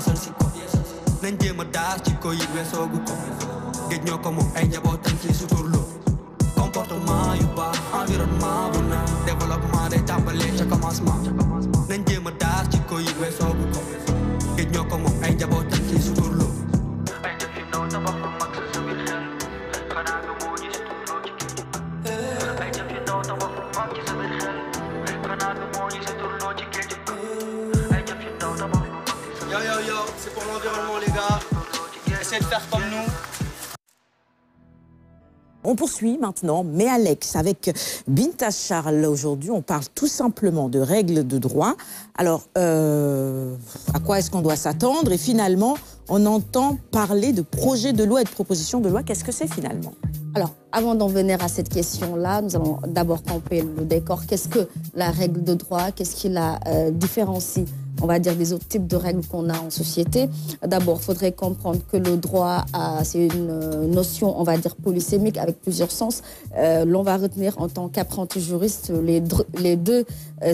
confession si ko nañ jéem ci ko yit weesoogu ko géej ñoo ko moom ay njabootam ci suturloo comportement yu baax environnement bu naan développement day commencement c'est pour l'environnement les gars. Essayez de faire comme nous. On poursuit maintenant, mais Alex, avec Binta Charles, aujourd'hui, on parle tout simplement de règles de droit. Alors, euh, à quoi est-ce qu'on doit s'attendre Et finalement, on entend parler de projet de loi et de proposition de loi. Qu'est-ce que c'est finalement Alors, avant d'en venir à cette question-là, nous allons d'abord camper le décor. Qu'est-ce que la règle de droit Qu'est-ce qui la euh, différencie on va dire, des autres types de règles qu'on a en société. D'abord, il faudrait comprendre que le droit, c'est une euh, notion, on va dire, polysémique avec plusieurs sens. Euh, l'on va retenir en tant qu'apprenti juriste les deux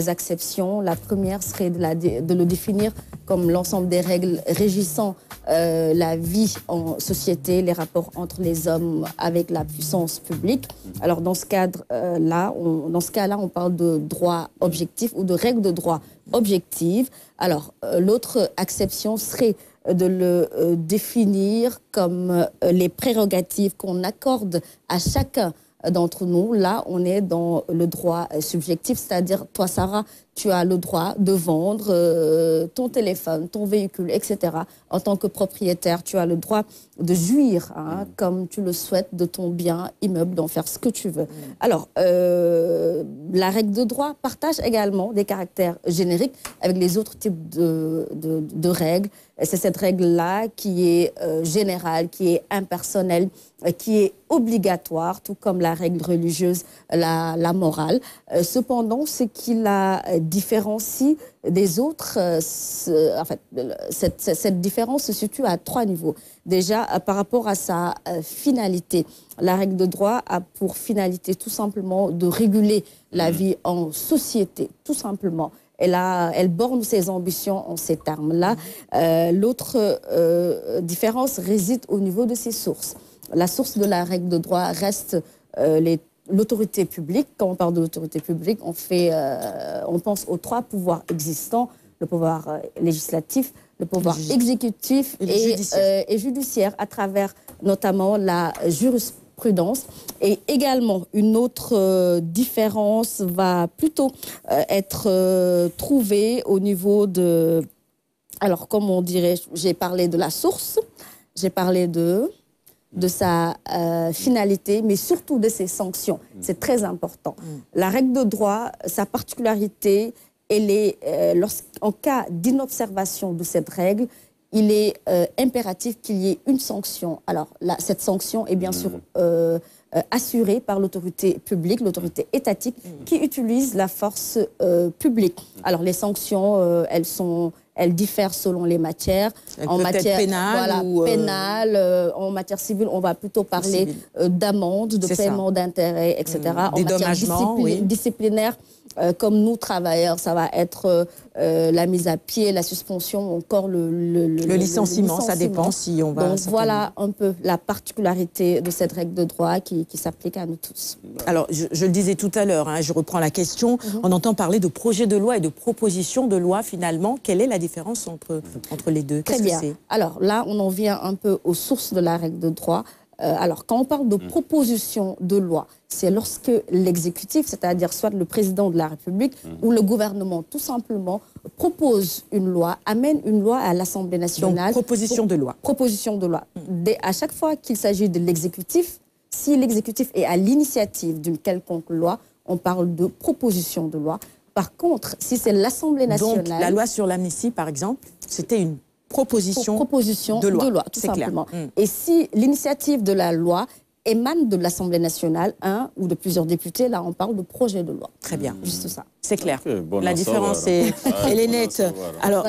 Acceptions. Euh, la première serait de, la, de le définir comme l'ensemble des règles régissant euh, la vie en société, les rapports entre les hommes avec la puissance publique. Mhm. Alors dans ce cadre-là, euh, dans ce cas-là, on parle de droit objectif ou de règles de droit objectives. Alors l'autre acception serait de le définir comme les prérogatives qu'on accorde à chacun d'entre nous, là, on est dans le droit subjectif, c'est-à-dire, toi, Sarah, tu as le droit de vendre euh, ton téléphone, ton véhicule, etc. En tant que propriétaire, tu as le droit de jouir, hein, mm. comme tu le souhaites, de ton bien immeuble, d'en faire ce que tu veux. Mm. Alors, euh, la règle de droit partage également des caractères génériques avec les autres types de, de règles c'est cette règle-là qui est euh, générale, qui est impersonnelle, euh, qui est obligatoire, tout comme la règle religieuse, euh, la, morale. cependant, ce qui la différencie des autres, en fait, cette, différence se situe à trois niveaux. Déjà, par rapport à sa finalité, la règle de droit a pour finalité tout simplement de réguler la mm. vie en société, tout simplement elle, elle borne ses ambitions en ces termes-là. Euh, l'autre euh, différence réside au niveau de ses sources. La source de la règle de droit reste euh, l'autorité publique. Quand on parle de l'autorité publique, on, fait, on pense aux trois pouvoirs existants, le pouvoir législatif, le pouvoir exécutif et, et judiciaire, à travers notamment la jurisprudence prudence. Et également, une autre euh, différence va plutôt euh, être euh, trouvée au niveau de... Alors, comme on dirait, j'ai parlé de la source, j'ai parlé de de sa finalité, mais surtout de ses sanctions. Mm. C'est très important. Mm. La règle de droit, sa particularité, elle est, lorsqu'en en cas d'inobservation de cette règle, il est euh, impératif qu'il y ait une sanction. Alors, cette sanction est bien mmh. sûr euh, euh, assurée par l'autorité publique, l'autorité étatique, mmh. qui utilise la force publique. Mmh. Alors, les sanctions, elles sont... diffèrent selon les matières. en matière pénale, ou pénale en matière civile, on va plutôt parler d'amende, de paiement d'intérêt, etc. En matière disciplinaire, euh, comme nous, travailleurs, ça va être euh, euh, la mise à pied, la suspension, encore le, le, le, licenciement, Ça dépend si on va. Donc voilà un peu la particularité de cette règle de droit qui, s'applique à nous tous. Alors, je, le disais tout à l'heure, hein, je reprends la question. Mhm. On entend parler de projet de loi et de proposition de loi, finalement. Quelle est la différence entre, entre les deux Très bien. Alors là, on en vient un peu aux sources de la règle de droit. Euh, alors, quand on parle de mm. proposition de loi, c'est lorsque l'exécutif, c'est-à-dire soit le président de la République mm. ou le gouvernement, tout simplement, propose une loi, amène une loi à l'Assemblée nationale. Donc, proposition de loi. Proposition de loi. Mm. Dès, à chaque fois qu'il s'agit de l'exécutif, si l'exécutif est à l'initiative d'une quelconque loi, on parle de proposition de loi. Par contre, si c'est l'Assemblée nationale... Donc, la loi sur l'amnistie, par exemple, c'était une proposition, de loi. tout simplement. Mm. Et si l'initiative de la loi émane de l'Assemblée nationale, un hein, ou de plusieurs députés. Là, on parle de projet de loi. Très bien. Juste mm. ça. C'est clair. la différence, est... nette. alors,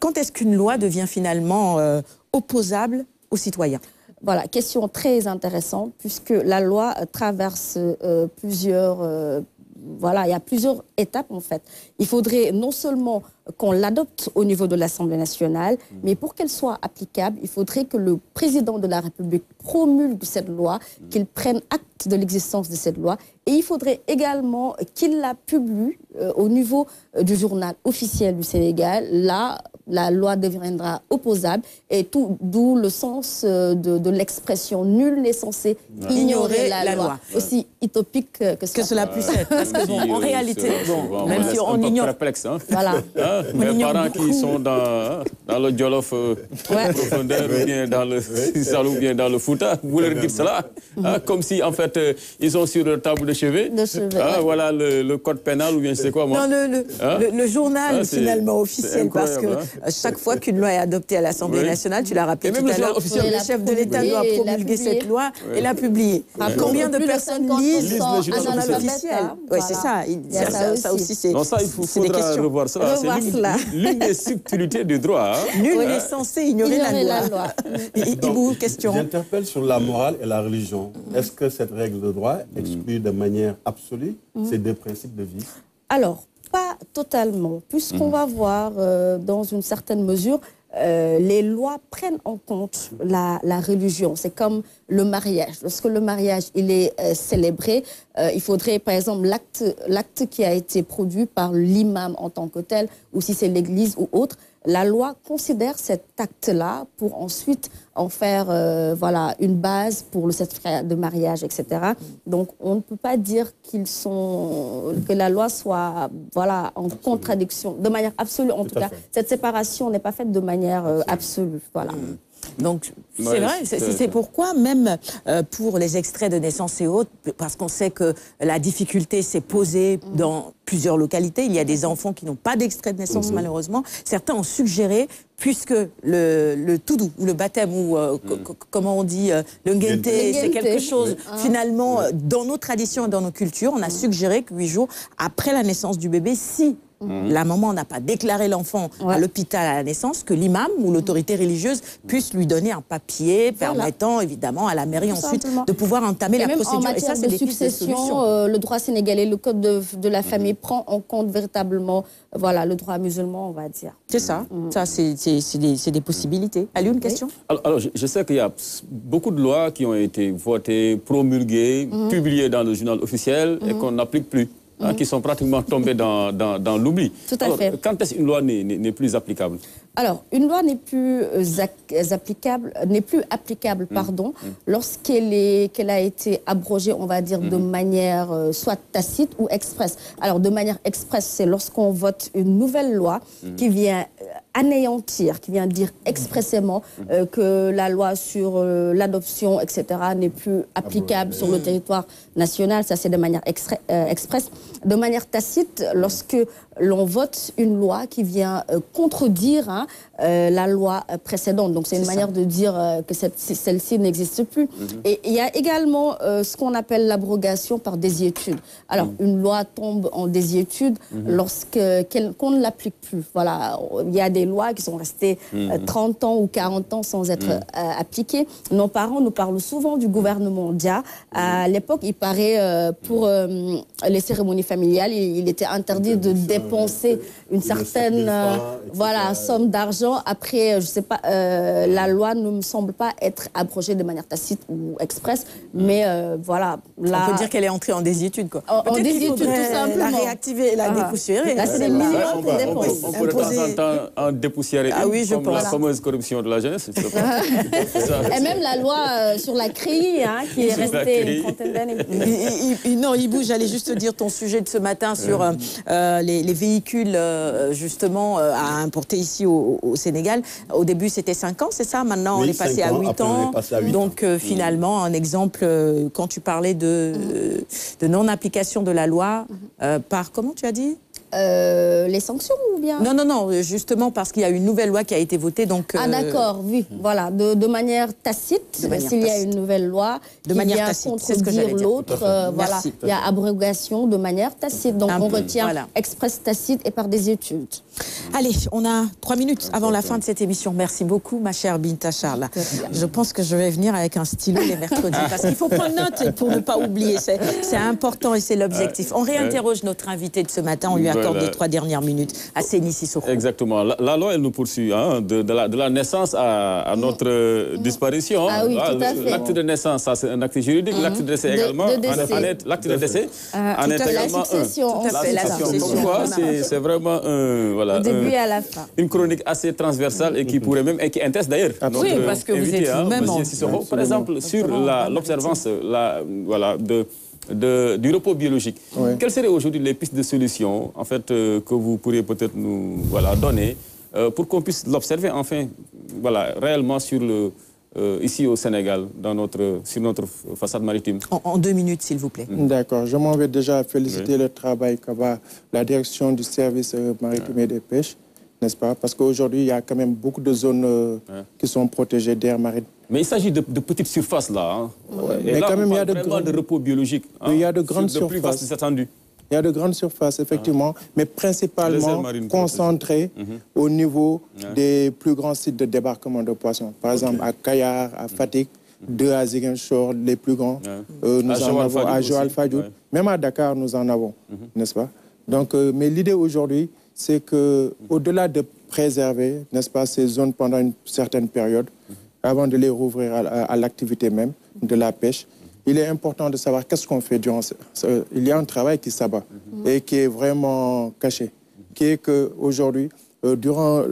quand est-ce qu'une loi devient finalement euh, opposable aux citoyens voilà, question très intéressante, puisque la loi euh, traverse euh, plusieurs... voilà, il y a plusieurs étapes, en fait. Il faudrait non seulement qu'on l'adopte au niveau de l'Assemblée nationale, mm. mais pour qu'elle soit applicable, il faudrait que le président de la République promulgue cette loi, mm. qu'il prenne acte de l'existence de cette loi, et il faudrait également qu'il la publie euh, au niveau euh, du journal officiel du Sénégal. Là, la loi deviendra opposable, et tout d'où le sens euh, de, l'expression nul n'est censé ignorer la, loi. Aussi utopique que, que cela, puisse être. Parce que en réalité, même si on ignore... Hein. Voilà. Hein mes parents qui sont dans, le djolof euh, (laughs) profondeur, ou bien dans le ça ou bien dans le Fouta, vous leur dites cela, ah, comme si en fait euh, ils sont sur le table de chevet. Ah, voilà le, code pénal ou bien c'est quoi moi. Non, le, le, hein journal ah, finalement officiel, parce que hein. euh, chaque fois qu'une loi est adoptée à l'Assemblée nationale, tu l'as rappelé et tout même à l'heure, le chef de l'État doit promulguer cette loi et la publier. Combien de personnes lisent le journal officiel Oui, c'est ça. Ça aussi, c'est des questions. revoir cela. L'une des subtilités du droit. Hein. Nul censé ignorer, la, loi. il (laughs) vous question. J'interpelle sur la morale et la religion. Est-ce que cette règle de droit exclut de manière absolue mhm. ces deux principes de vie Alors, pas totalement, puisqu'on mhm. va voir euh, dans une certaine mesure euh, les lois prennent en compte la, religion. C'est comme le mariage. Lorsque le mariage il est euh, célébré, euh, il faudrait, par exemple, l'acte qui a été produit par l'imam en tant que tel, ou si c'est l'Église ou autre, la loi considère cet acte-là pour ensuite en faire euh, voilà, une base pour le certificat de mariage, etc. Donc on ne peut pas dire sont, que la loi soit voilà, en contradiction, de manière absolue en tout, cas. Cette séparation n'est pas faite de manière euh, absolue. Voilà. Mmh. Donc c'est vrai, c'est pourquoi même euh, pour les extraits de naissance et autres, parce qu'on sait que la difficulté s'est posée dans plusieurs localités, il y a des enfants qui n'ont pas d'extrait de naissance mhm. malheureusement, certains ont suggéré puisque le, le toudou, ou le baptême, ou euh, hmm. comment on dit, euh, le ngente, c'est quelque chose, ah. finalement, euh, dans nos traditions et dans nos cultures, on a hmm. suggéré que huit jours après la naissance du bébé, si hmm. la maman n'a pas déclaré l'enfant à l'hôpital à la naissance, que l'imam ou l'autorité religieuse puisse lui donner un papier permettant évidemment à la mairie ensuite de pouvoir entamer la procédure. et ça, c'est des succession, le droit sénégalais, le code de, la famille prend en compte véritablement voilà, le droit musulman, on va dire. C'est ça, ça c'est c'est des, possibilités. Allez, une question alors, je, sais qu'il y a beaucoup de lois qui ont été votées, promulguées, mhm. publiées dans le journal officiel et mhm. qu'on n'applique plus. Hein, mhm. qui sont pratiquement tombées dans, l'oubli. Tout à fait. Quand est-ce qu'une loi n'est plus applicable Alors, une loi n'est plus euh, euh, applicable, n'est plus applicable, pardon, lorsqu'elle qu'elle a été abrogée, on va dire, de manière euh, soit tacite ou expresse. Alors, de manière expresse, c'est lorsqu'on vote une nouvelle loi qui vient anéantir, qui vient dire expressément mm. euh, que la loi sur euh, l'adoption, etc., n'est plus ah applicable sur le territoire national. Ça, c'est de manière euh, exprès, De manière tacite, lorsque l'on vote une loi qui vient euh, contredire hein, euh, la loi précédente. Donc c'est une manière de dire euh, que celle-ci n'existe plus. Mhm. Et il y a également ce qu'on appelle l'abrogation par désiétude. Alors mhm. une loi tombe en désiétude lorsqu'on mhm. lorsque qu'on ne l'applique plus. Voilà, il y a des lois qui sont restées 30 ans ou 40 ans sans être appliquées. Nos parents nous parlent souvent du gouvernement Dia. À l'époque, il paraît pour les cérémonies familiales, il, était interdit de déposer dépenser une certaine euh, voilà, somme d'argent. Après, euh, je ne sais pas, euh, la loi ne me semble pas être abrogée de manière tacite ou expresse, mais voilà. Là... On peut dire qu'elle est entrée en désuétude, quoi. En, en désuétude, tout simplement. La réactiver, la ah. dépoussiérer. Là, c'est des millions qu'on dépense. On pourrait de temps en temps en dépoussiérer ah, oui, je pense. la fameuse corruption de la jeunesse. (laughs) Et même la loi sur la CRI, hein, qui est restée une trentaine d'années. non, bouge j'allais juste dire ton sujet de ce matin sur les véhicules euh, justement euh, à importer ici au, Sénégal. Au début, c'était 5 ans, c'est ça Maintenant, on, est passé à 8 ans. Donc, euh, mm. finalement, un exemple, quand tu parlais de non-application de la loi mm-hmm. par, comment tu as dit euh, les sanctions ou bien Non, non, non, justement parce qu'il y a une nouvelle loi qui a été votée. Donc, Ah euh, d'accord, oui, voilà, de, manière tacite, s'il y a une nouvelle loi de qui manière vient tacite, contredire l'autre, euh, voilà, il y a abrogation de manière tacite. Donc on retient express tacite et par des études. Allez, on a trois minutes avant la fin de cette émission. Merci beaucoup, ma chère Binta Charles. Je pense que je vais venir avec un stylo les mercredis parce qu'il faut prendre note pour ne pas oublier. C'est important et c'est l'objectif. On réinterroge notre invité de ce matin. On lui accorde les trois dernières minutes. À Sissoko. Exactement. La, loi, elle nous poursuit hein, de, la, naissance à, notre euh, disparition. Hein. Ah oui, L'acte de naissance, c'est un acte juridique. L'acte de décès mm-hmm. également. L'acte de décès euh, en La succession, c'est vraiment un début euh, à la fin. Une chronique assez transversale et qui mm-hmm. pourrait même, et qui intéresse d'ailleurs. Oui, euh, parce que vous êtes même en... par exemple, sur l'observance euh, voilà, de, du repos biologique. Quelles seraient aujourd'hui les pistes de solutions en fait, que vous pourriez peut-être nous voilà, donner pour qu'on puisse l'observer enfin voilà, réellement sur le, euh, ici au Sénégal, dans notre, sur notre façade maritime. En, deux minutes, s'il vous plaît. Mm. D'accord. Je m'en vais déjà féliciter le travail qu'a va la direction du service euh, maritime et des pêches, n'est-ce pas Parce qu'aujourd'hui, il y a quand même beaucoup de zones euh, qui sont protégées d'air maritime. Mais il s'agit de, petites surfaces, là. Hein. mais quand même, il y a de, grandes... repos biologique. Hein, il y a de grandes surfaces. plus il y a de grandes surfaces, effectivement, ah. mais principalement concentrées mhm. au niveau des plus grands sites de débarquement de poissons. Par exemple, à Kayar, à mhm. Fatik, de mhm. deux à les plus grands. Euh, nous à en avons à Joal Fadjoud. Même à Dakar, nous en avons, n'est-ce pas Donc, euh, mais l'idée aujourd'hui, c'est que au-delà de préserver, n'est-ce pas, ces zones pendant une certaine période, avant de les rouvrir à l'activité même de la pêche, il est important de savoir qu'est-ce qu'on fait durant Il y a un travail qui s'abat mhm. et qui est vraiment caché, qui est qu'aujourd'hui, aujourd'hui, euh, durant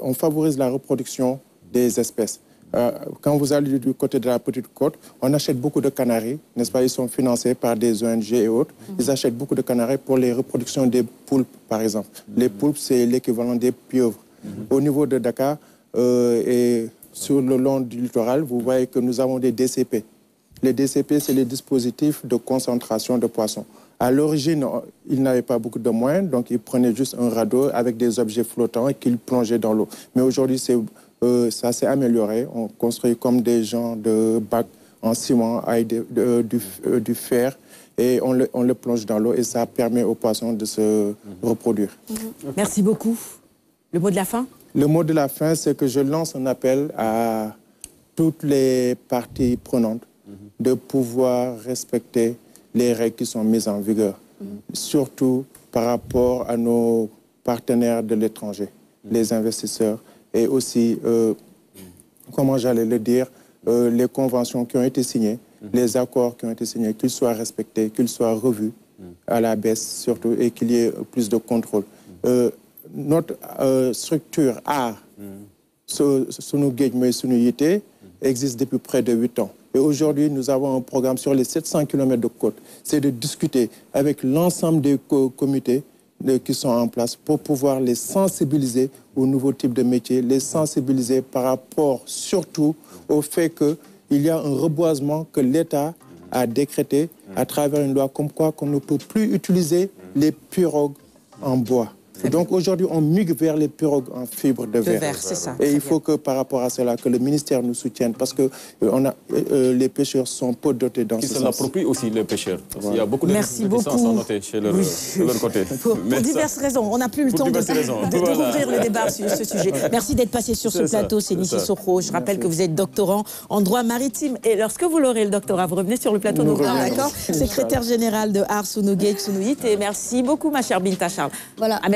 on favorise la reproduction des espèces. Euh, quand vous allez du côté de la petite côte, on achète beaucoup de canaries, n'est-ce pas Ils sont financés par des ONG et autres. Mhm. Ils achètent beaucoup de canaries pour les reproductions des poulpes, par exemple. Mhm. Les poulpes, c'est l'équivalent des pieuvres. Au niveau de Dakar euh, et sur le long du littoral, vous voyez que nous avons des DCP, les DCP, c'est les dispositifs de concentration de poissons. À l'origine, euh, ils n'avaient pas beaucoup de moyens, donc ils prenaient juste un radeau avec des objets flottants et qu'ils plongeaient dans l'eau. Mais aujourd'hui, euh, ça s'est amélioré. On construit comme des gens de bacs en ciment avec euh, du, fer et on le, on le plonge dans l'eau et ça permet aux poissons de se reproduire. Mhm. Merci beaucoup. Le mot de la fin Le mot de la fin, c'est que je lance un appel à toutes les parties prenantes de pouvoir respecter les règles qui sont mises en vigueur, mm-hmm. surtout par rapport à nos partenaires de l'étranger, mm-hmm. les investisseurs, et aussi, euh, comment j'allais le dire, euh, les conventions qui ont été signées, mm-hmm. les accords qui ont été signés, qu'ils soient respectés, qu'ils soient revus à la baisse surtout, et qu'il y ait plus de contrôle. Euh, notre structure art, sous nos nos IT, existe depuis près de 8 ans. Et aujourd'hui, nous avons un programme sur les 700 km de côte. C'est de discuter avec l'ensemble des comités qui sont en place pour pouvoir les sensibiliser au nouveau type de métier, les sensibiliser par rapport surtout au fait qu'il y a un reboisement que l'État a décrété à travers une loi comme quoi qu'on ne peut plus utiliser les pirogues en bois donc aujourd'hui, on mugue vers les pirogues en fibre de, verre. et il faut que par rapport à cela, que le ministère nous soutienne parce que euh, on a, euh, euh, les pêcheurs sont peu dotés dans Qui ce se aussi, les pêcheurs. Il y a beaucoup de Merci qui sont noter chez leur, de leur côté. (laughs) Pour, diverses raisons. On n'a plus le temps de, rouvrir le débat sur ce (laughs) sujet. Merci d'être passé sur ce plateau, c'est Nissi Je rappelle que vous êtes doctorant en droit maritime. Et lorsque vous l'aurez, le doctorat, vous revenez sur le plateau d'accord Secrétaire général de Arts Sounouguet Et merci beaucoup, ma chère Binta Charles. Voilà. À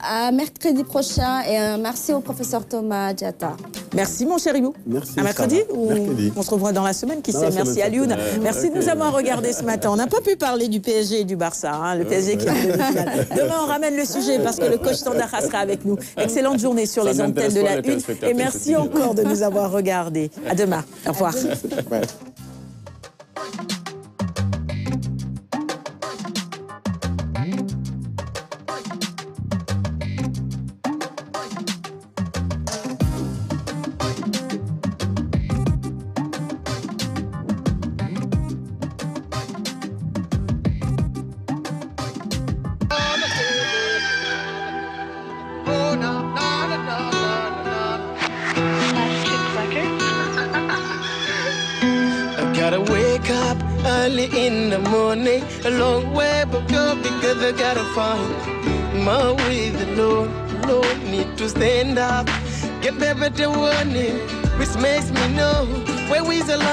à mercredi prochain et un merci au professeur Thomas Diatta. Merci mon cher Youb. Merci. À mercredi ou on se revoit dans la semaine, qui sait. Merci à merci de nous avoir regardé ce matin. On n'a pas pu parler du PSG et du Barça, hein, le PSG Demain, on ramène le sujet parce que le coach Tandarra sera avec nous. Excellente journée sur les antennes de la Une. Et merci encore de nous avoir regardé. À demain. Au revoir. find my way. The Lord, Lord, need to stand up. Get the better warning, which makes me know where we belong.